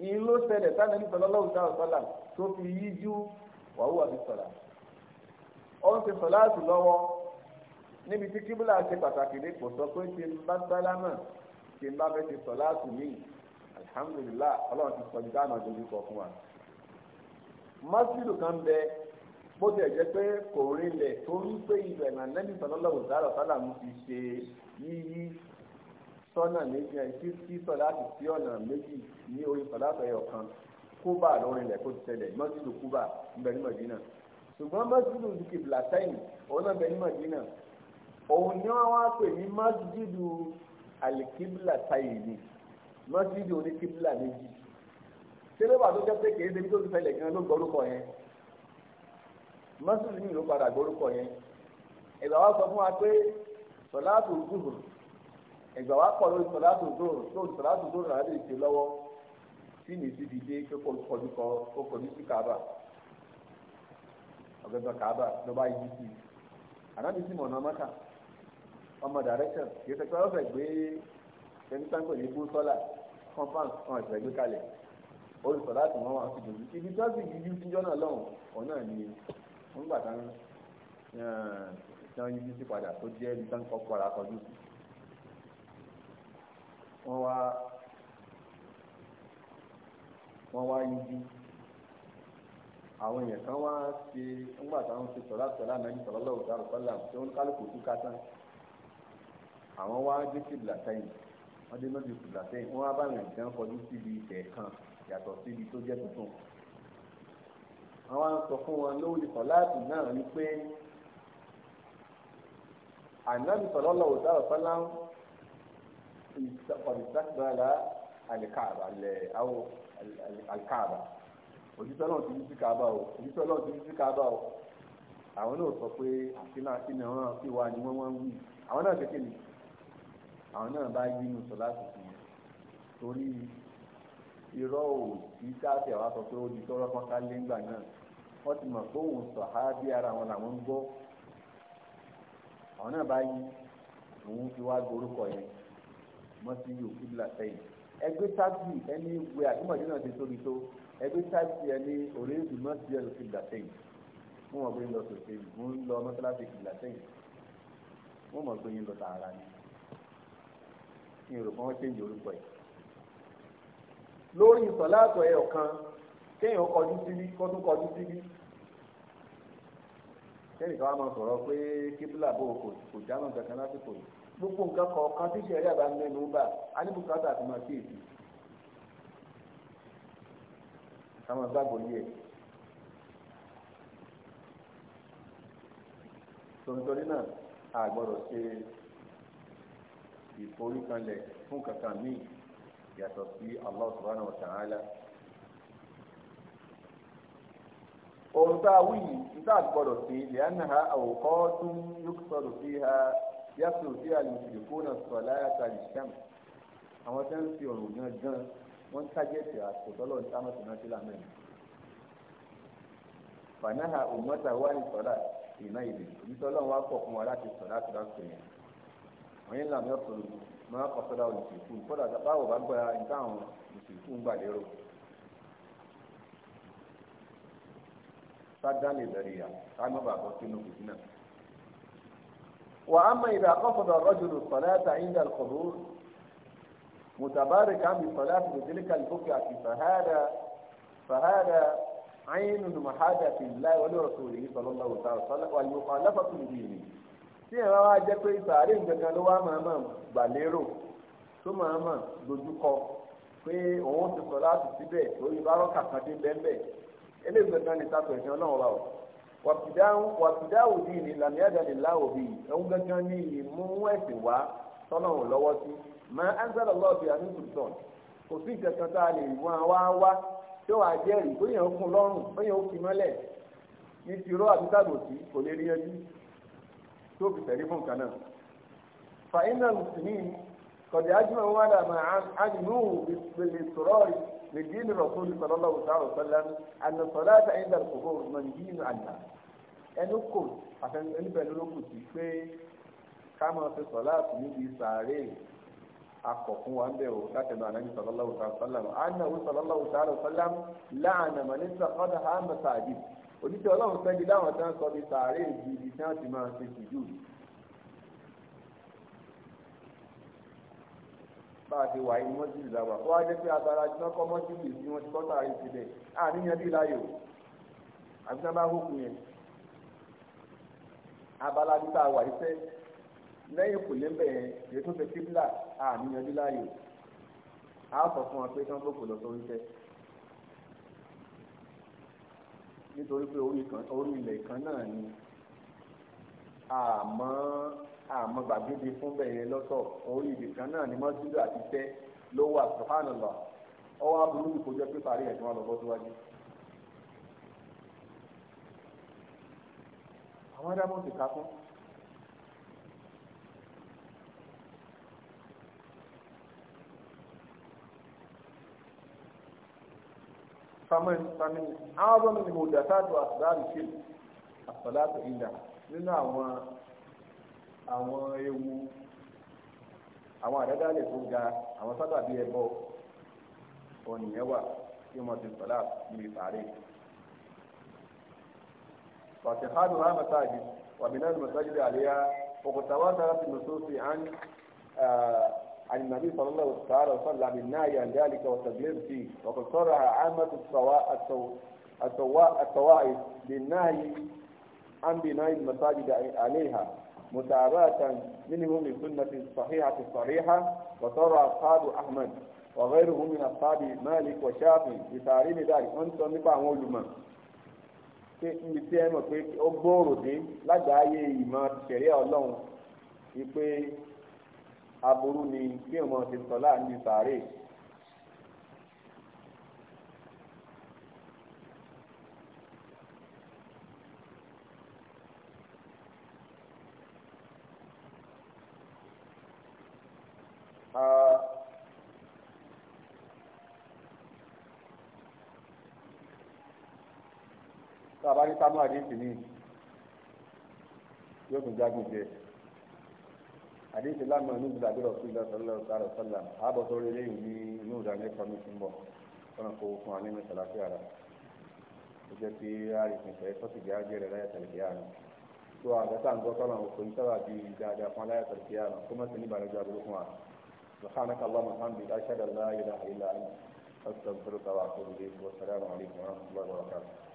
ìyín ló ṣẹlẹ̀ sáà nípa lọ́lọ́wọ́ sáà sọ́là tó fi yíjú wàhù àbí sọ̀là. ó ń ṣe sọ̀lá àtù lọ́wọ́ níbi tí kíbúlà ṣe pàtàkì ní kò sọ pé ṣe ń bá sálámà ṣe ń bá fẹ́ ṣe sọ̀lá àtù míì alhamdulillah ọlọ́run ti sọ ju dáná dojú kọ fún wa. mọ́sílù kan bẹ́ẹ̀ bó tiẹ̀ jẹ́ pé kò rinlẹ̀ tó ń pé ibẹ̀ náà nẹ́bí sọlọ́lọ́ òsàrà sálà ń fi ṣe yíyí sọ́nà méjì ẹ̀ tí tí sọ̀lá ti sí ọ̀nà méjì ní orí sọ̀lá àtọ̀yọ̀ kan kúbà lórí ilẹ̀ tó ti tẹ̀lẹ̀ mọ́sídù kúbà ńbẹ̀ ní Mọ̀dínà ṣùgbọ́n mọ́sídù kìbìlà sẹ́yìn òun náà bẹ̀ ní Mọ̀dínà òun ni wọ́n wá pè ní mọ́sídù àlìkíbìlà sẹ́yìn ni mọ́sídù oníkíbìlà méjì ṣé ló wà tó jẹ́ pé kèé mọ́sùlù yìí ló padà gbórúkọ yẹn ìgbà wa sọ fún wa pé sọláàtù zuhur ìgbà wa kọ lórí sọláàtù zuhur tó sọláàtù zuhur náà lè ṣe lọ́wọ́ tí mi ti dìde pé kò kọjú kọ kò kọjú sí kaaba ọ̀gbẹ́gbẹ́ kaaba ló bá yí sí i ànábi sì mọ̀nà mọ́ta ọmọ direction kì í ṣe pé wọ́n fẹ́ gbé tẹ̀síńtàǹkò ní bú sọ́là conference kan ẹ̀sẹ̀ gbé kalẹ̀ ni fún ìgbà tán eh, tán yíjú sí padà tó jẹ́ ibi tán kọ́kọ́ ara kọjú sí wọ́n wá wọ́n wá yíjú àwọn èèyàn kan wá ṣe ńgbà táwọn ṣe sọ̀rọ̀ àtọ̀lá náà yìí sọ̀rọ̀ lọ́wọ́ sọ̀rọ̀ sọ̀lá tí wọ́n kálukú tú ká tán àwọn wá dé fìlà sẹ́yìn wọ́n dé lọ́dún fìlà sẹ́yìn wọ́n wá bá ìrìn àjẹun kọjú síbi ìtẹ̀ kan yàtọ̀ síbi tó jẹ́ tuntun àwọn sọ fún wọn lórí sọláàtì náà wípé ànábì sọlọ́lọ́ òtárọ̀ sọ́lá ìsàkọ̀dìsàkìbàlà àlìkàbà lẹ̀ àwọ̀ àlìkàbà òjísọ́ náà ti ní sí kàbà o òjísọ́ náà ti ní sí kàbà o àwọn náà sọ pé àfinà àfinà wọn fi wá ni wọ́n wọ́n wí àwọn náà kékeré àwọn náà bá yí inú sọláàtì sí i torí irọ́ òòtí káàtì àwa sọ pé ó di tọ́rọ́ kan ká lé ńgbà náà wọ́n ti mọ̀ pé òun sọ̀há bí ara wọn làwọn ń gbọ́ àwọn náà bá yí òun fi wá gorúkọ yẹn mọ́síyù kíbla sẹ́yìn ẹgbẹ́ tábìlì ẹni wẹ àdúmọ̀dé náà ti tóbi tó ẹgbẹ́ tábìlì ẹni òrèèdù mọ́síyù ẹni kíbla sẹ́yìn wọ́n mọ̀ pé ń lọ sòsè mò ń lọ mọ́sálásí kíbla sẹ́yìn wọ́n mọ̀ pé ń lọ tààrà ni kí n rò pé wọ́n ṣe ń jẹ orúkọ yìí lórí ìsọ̀láàtọ̀ kéèyàn kọjú síbí kó tún kọjú síbí kẹ́rì kan wá máa sọ̀rọ̀ pé kíbílà bò kò kò dáná kankan lásìkò yìí gbogbo nǹkan kọ̀ọ̀kan tí ìṣẹ̀rí àbá ń mẹ́nu bà á ní bùkátà àti máa kí èsì káwọn gbàgbọ́ yìí ẹ̀. tòǹtòrí náà a gbọ́dọ̀ ṣe ìforíkanlẹ̀ fún kankan míì yàtọ̀ sí Allah subhanahu wa ta'ala. ohun tá a wí yìí nígbà gbọdọ̀ sí ilẹ̀ ànáhà àwòkọ́ tún yókùsọ̀rọ̀ sí ha yàtọ̀ sí àlùfìlìkó náà sọ̀rọ̀ láyàtà ìṣẹ́m àwọn tó ń fi ọ̀rọ̀ gan gan wọ́n tájẹ́tì àkọ́tọ́lọ́ ìtàmọ̀tì náà sí lámẹ́rin fànáhà òmọ́ta wà ní sọ̀rọ̀ ìná ìlẹ̀ ìtọ́lọ́ wa pọ̀ fún wa láti sọ̀rọ̀ àti láti sádàlì lẹ́yà káàmì bàbá sínú fìtínà. wà á mọ ìdá akọ́fọ̀dọ̀ rọ́jòlù sọ̀láta indal kọ̀dọ̀ mùtàbárì káàmì sọ̀láta lòdìlíkà lókè àti fàhádà fàhádà ayinu mahada ti láì wọlé ọ̀sọ̀ òyìnbí sọlọ́lá òtá wàlúùkọ́ aláfàtú ìdíyìí tí ìyẹn wá jẹ́ pé sàárè nǹkan ló wá máa máa gbà lérò tó máa máa dojúkọ pé òun ti sọ láti síbẹ̀ lórí bárọ́kà kan dé bẹ́ẹ̀ bẹ́ẹ̀ eléyìí gbẹ̀gbẹ́ ní sàtọ̀ ìṣẹ́ ọlọ́run wa o wàtúdáwù dì ní làmì àjàdì láwò bí ẹ̀hún gángan ní ìmú ẹ̀sìn wá tọ́lọ́run lọ́wọ́ sí mà á ń sábà lọ́ọ̀bì àdúgbò tán kò sí ìkẹ̀kẹ́ tá a lè wọ́n wá wá tó wàá jẹ́rìí bóyá ó kún lọ́rùn bóyá ó fi mọ́lẹ̀ ní tìró àti tàbòtì kò lè rí ẹjú tó fi tẹ̀lé fún kan náà. fàyínà mùsùlùmí kọ̀dé ájúmọ̀ wọn wá dà máa ájúmọ̀ òwò من لدين الرسول صلى الله عليه وسلم أن الصلاة عند القبور منهي عنها ẹnu kò àtẹnu pẹ̀lú ló kù sí pé ká máa fi sọ̀láàtì níbi sàárè akọ̀ fún wa ń bẹ̀ o látẹnu ànábi sọlọ́láwù sàrò sọ́làm ànáwó sọlọ́láwù sàrò sọ́làm láàánà mọ̀lẹ́sà ọ̀dà hàmà sàdì òdìsí ọlọ́run fẹ́ di láwọn tán sọ di sàárè ìdí ibi tí wọ́n ti máa ṣe sùjúdù bá a ti wà ní mọ́sílì làwà ó wá jẹ́ pé abala tí wọ́n kọ́ mọ́sílì tí wọ́n ti kọ́ sàárè sílẹ̀ àníyàn bí láyò àbí sábà bá yẹn abala tí tá a wà iṣẹ́ lẹ́yìn kò lé mbẹ̀ yẹn èyí tó ṣe kíbla àníyàn bí láyò á sọ fún wa pé kí wọ́n tó kò lọ sórí iṣẹ́ nítorí pé orí ilẹ̀ kan náà ni àmọ́ àmọ́ gbàgede fún bẹ́ẹ̀ yẹn lọ́tọ̀ orí ibì kan náà ni mọ́sídù àti tẹ́ ló wà sọ̀hánàlá ọwọ́ aburú kò jẹ́ pé parí ẹ̀ tí wọ́n lọ bọ́ síwájú. àwọn dábọ̀ ti ká fún. famin famin àwọn ọmọ mi ni mo dàtà tó àtúrà àlùfíì àtọ̀lá àtọ̀ ìlà nínú àwọn àwọn ewu àwọn àdádálẹ̀ tó ga àwọn sábàbí ẹbọ ọ̀nìyàn wà tí wọ́n ti sọ̀lá níbi sàárè. فاتخاذ لها مساجد وبناء المساجد عليها وقد تواترت النصوص عن آه عن النبي صلى الله عليه وسلم بالنهي عن ذلك والتبليغ فيه وقد صرح عامة الطوائف بالنهي عن بناء المساجد عليها متابعة منهم للسنة الصحيحة الصريحة وصار أصحاب أحمد وغيرهم من أصحاب مالك وشافعي بتعليم ذلك wọ́n sọ nípa àwọn olùmọ̀ níbi tí ẹ mọ̀ pé ó gbòòrò dé lágbàáyé ìmọ̀ ṣẹ̀ríà ọlọ́run wípé aburú ni kí ọmọ ti sọ láàrin sàárè tàbá ní sámú àdéhùn ní yóò tún jágùn jẹ àdéhùn lánàá ní ìgbìlá bí rọ̀sùn ìlà sọ́lá sọ́lá sọ́lá àbọ̀ tó rí eléyìí ní inú ìdánilẹ́kọ̀ọ́ mi ti ń bọ̀ kọ́nà kó fún wa nínú ìsàlàfíà rẹ̀ ó jẹ́ kí àríkùn fẹ́ sọ́sìgì ájẹ́ rẹ̀ láyà tẹ̀lé kíá rẹ̀ tó àgbàtà ń gbọ́ tọ́lọ̀ òkú ní sábà bíi dáadáa fún aláyà tẹ̀lé kíá rẹ̀ kó mọ́tò níbàrẹ̀ ju àbúrò fún wa subhanaka allahumma hamdika ashhadu an la ilaha illa anta astaghfiruka wa atubu ilayk wa assalamu alaykum wa rahmatullahi wa barakatuh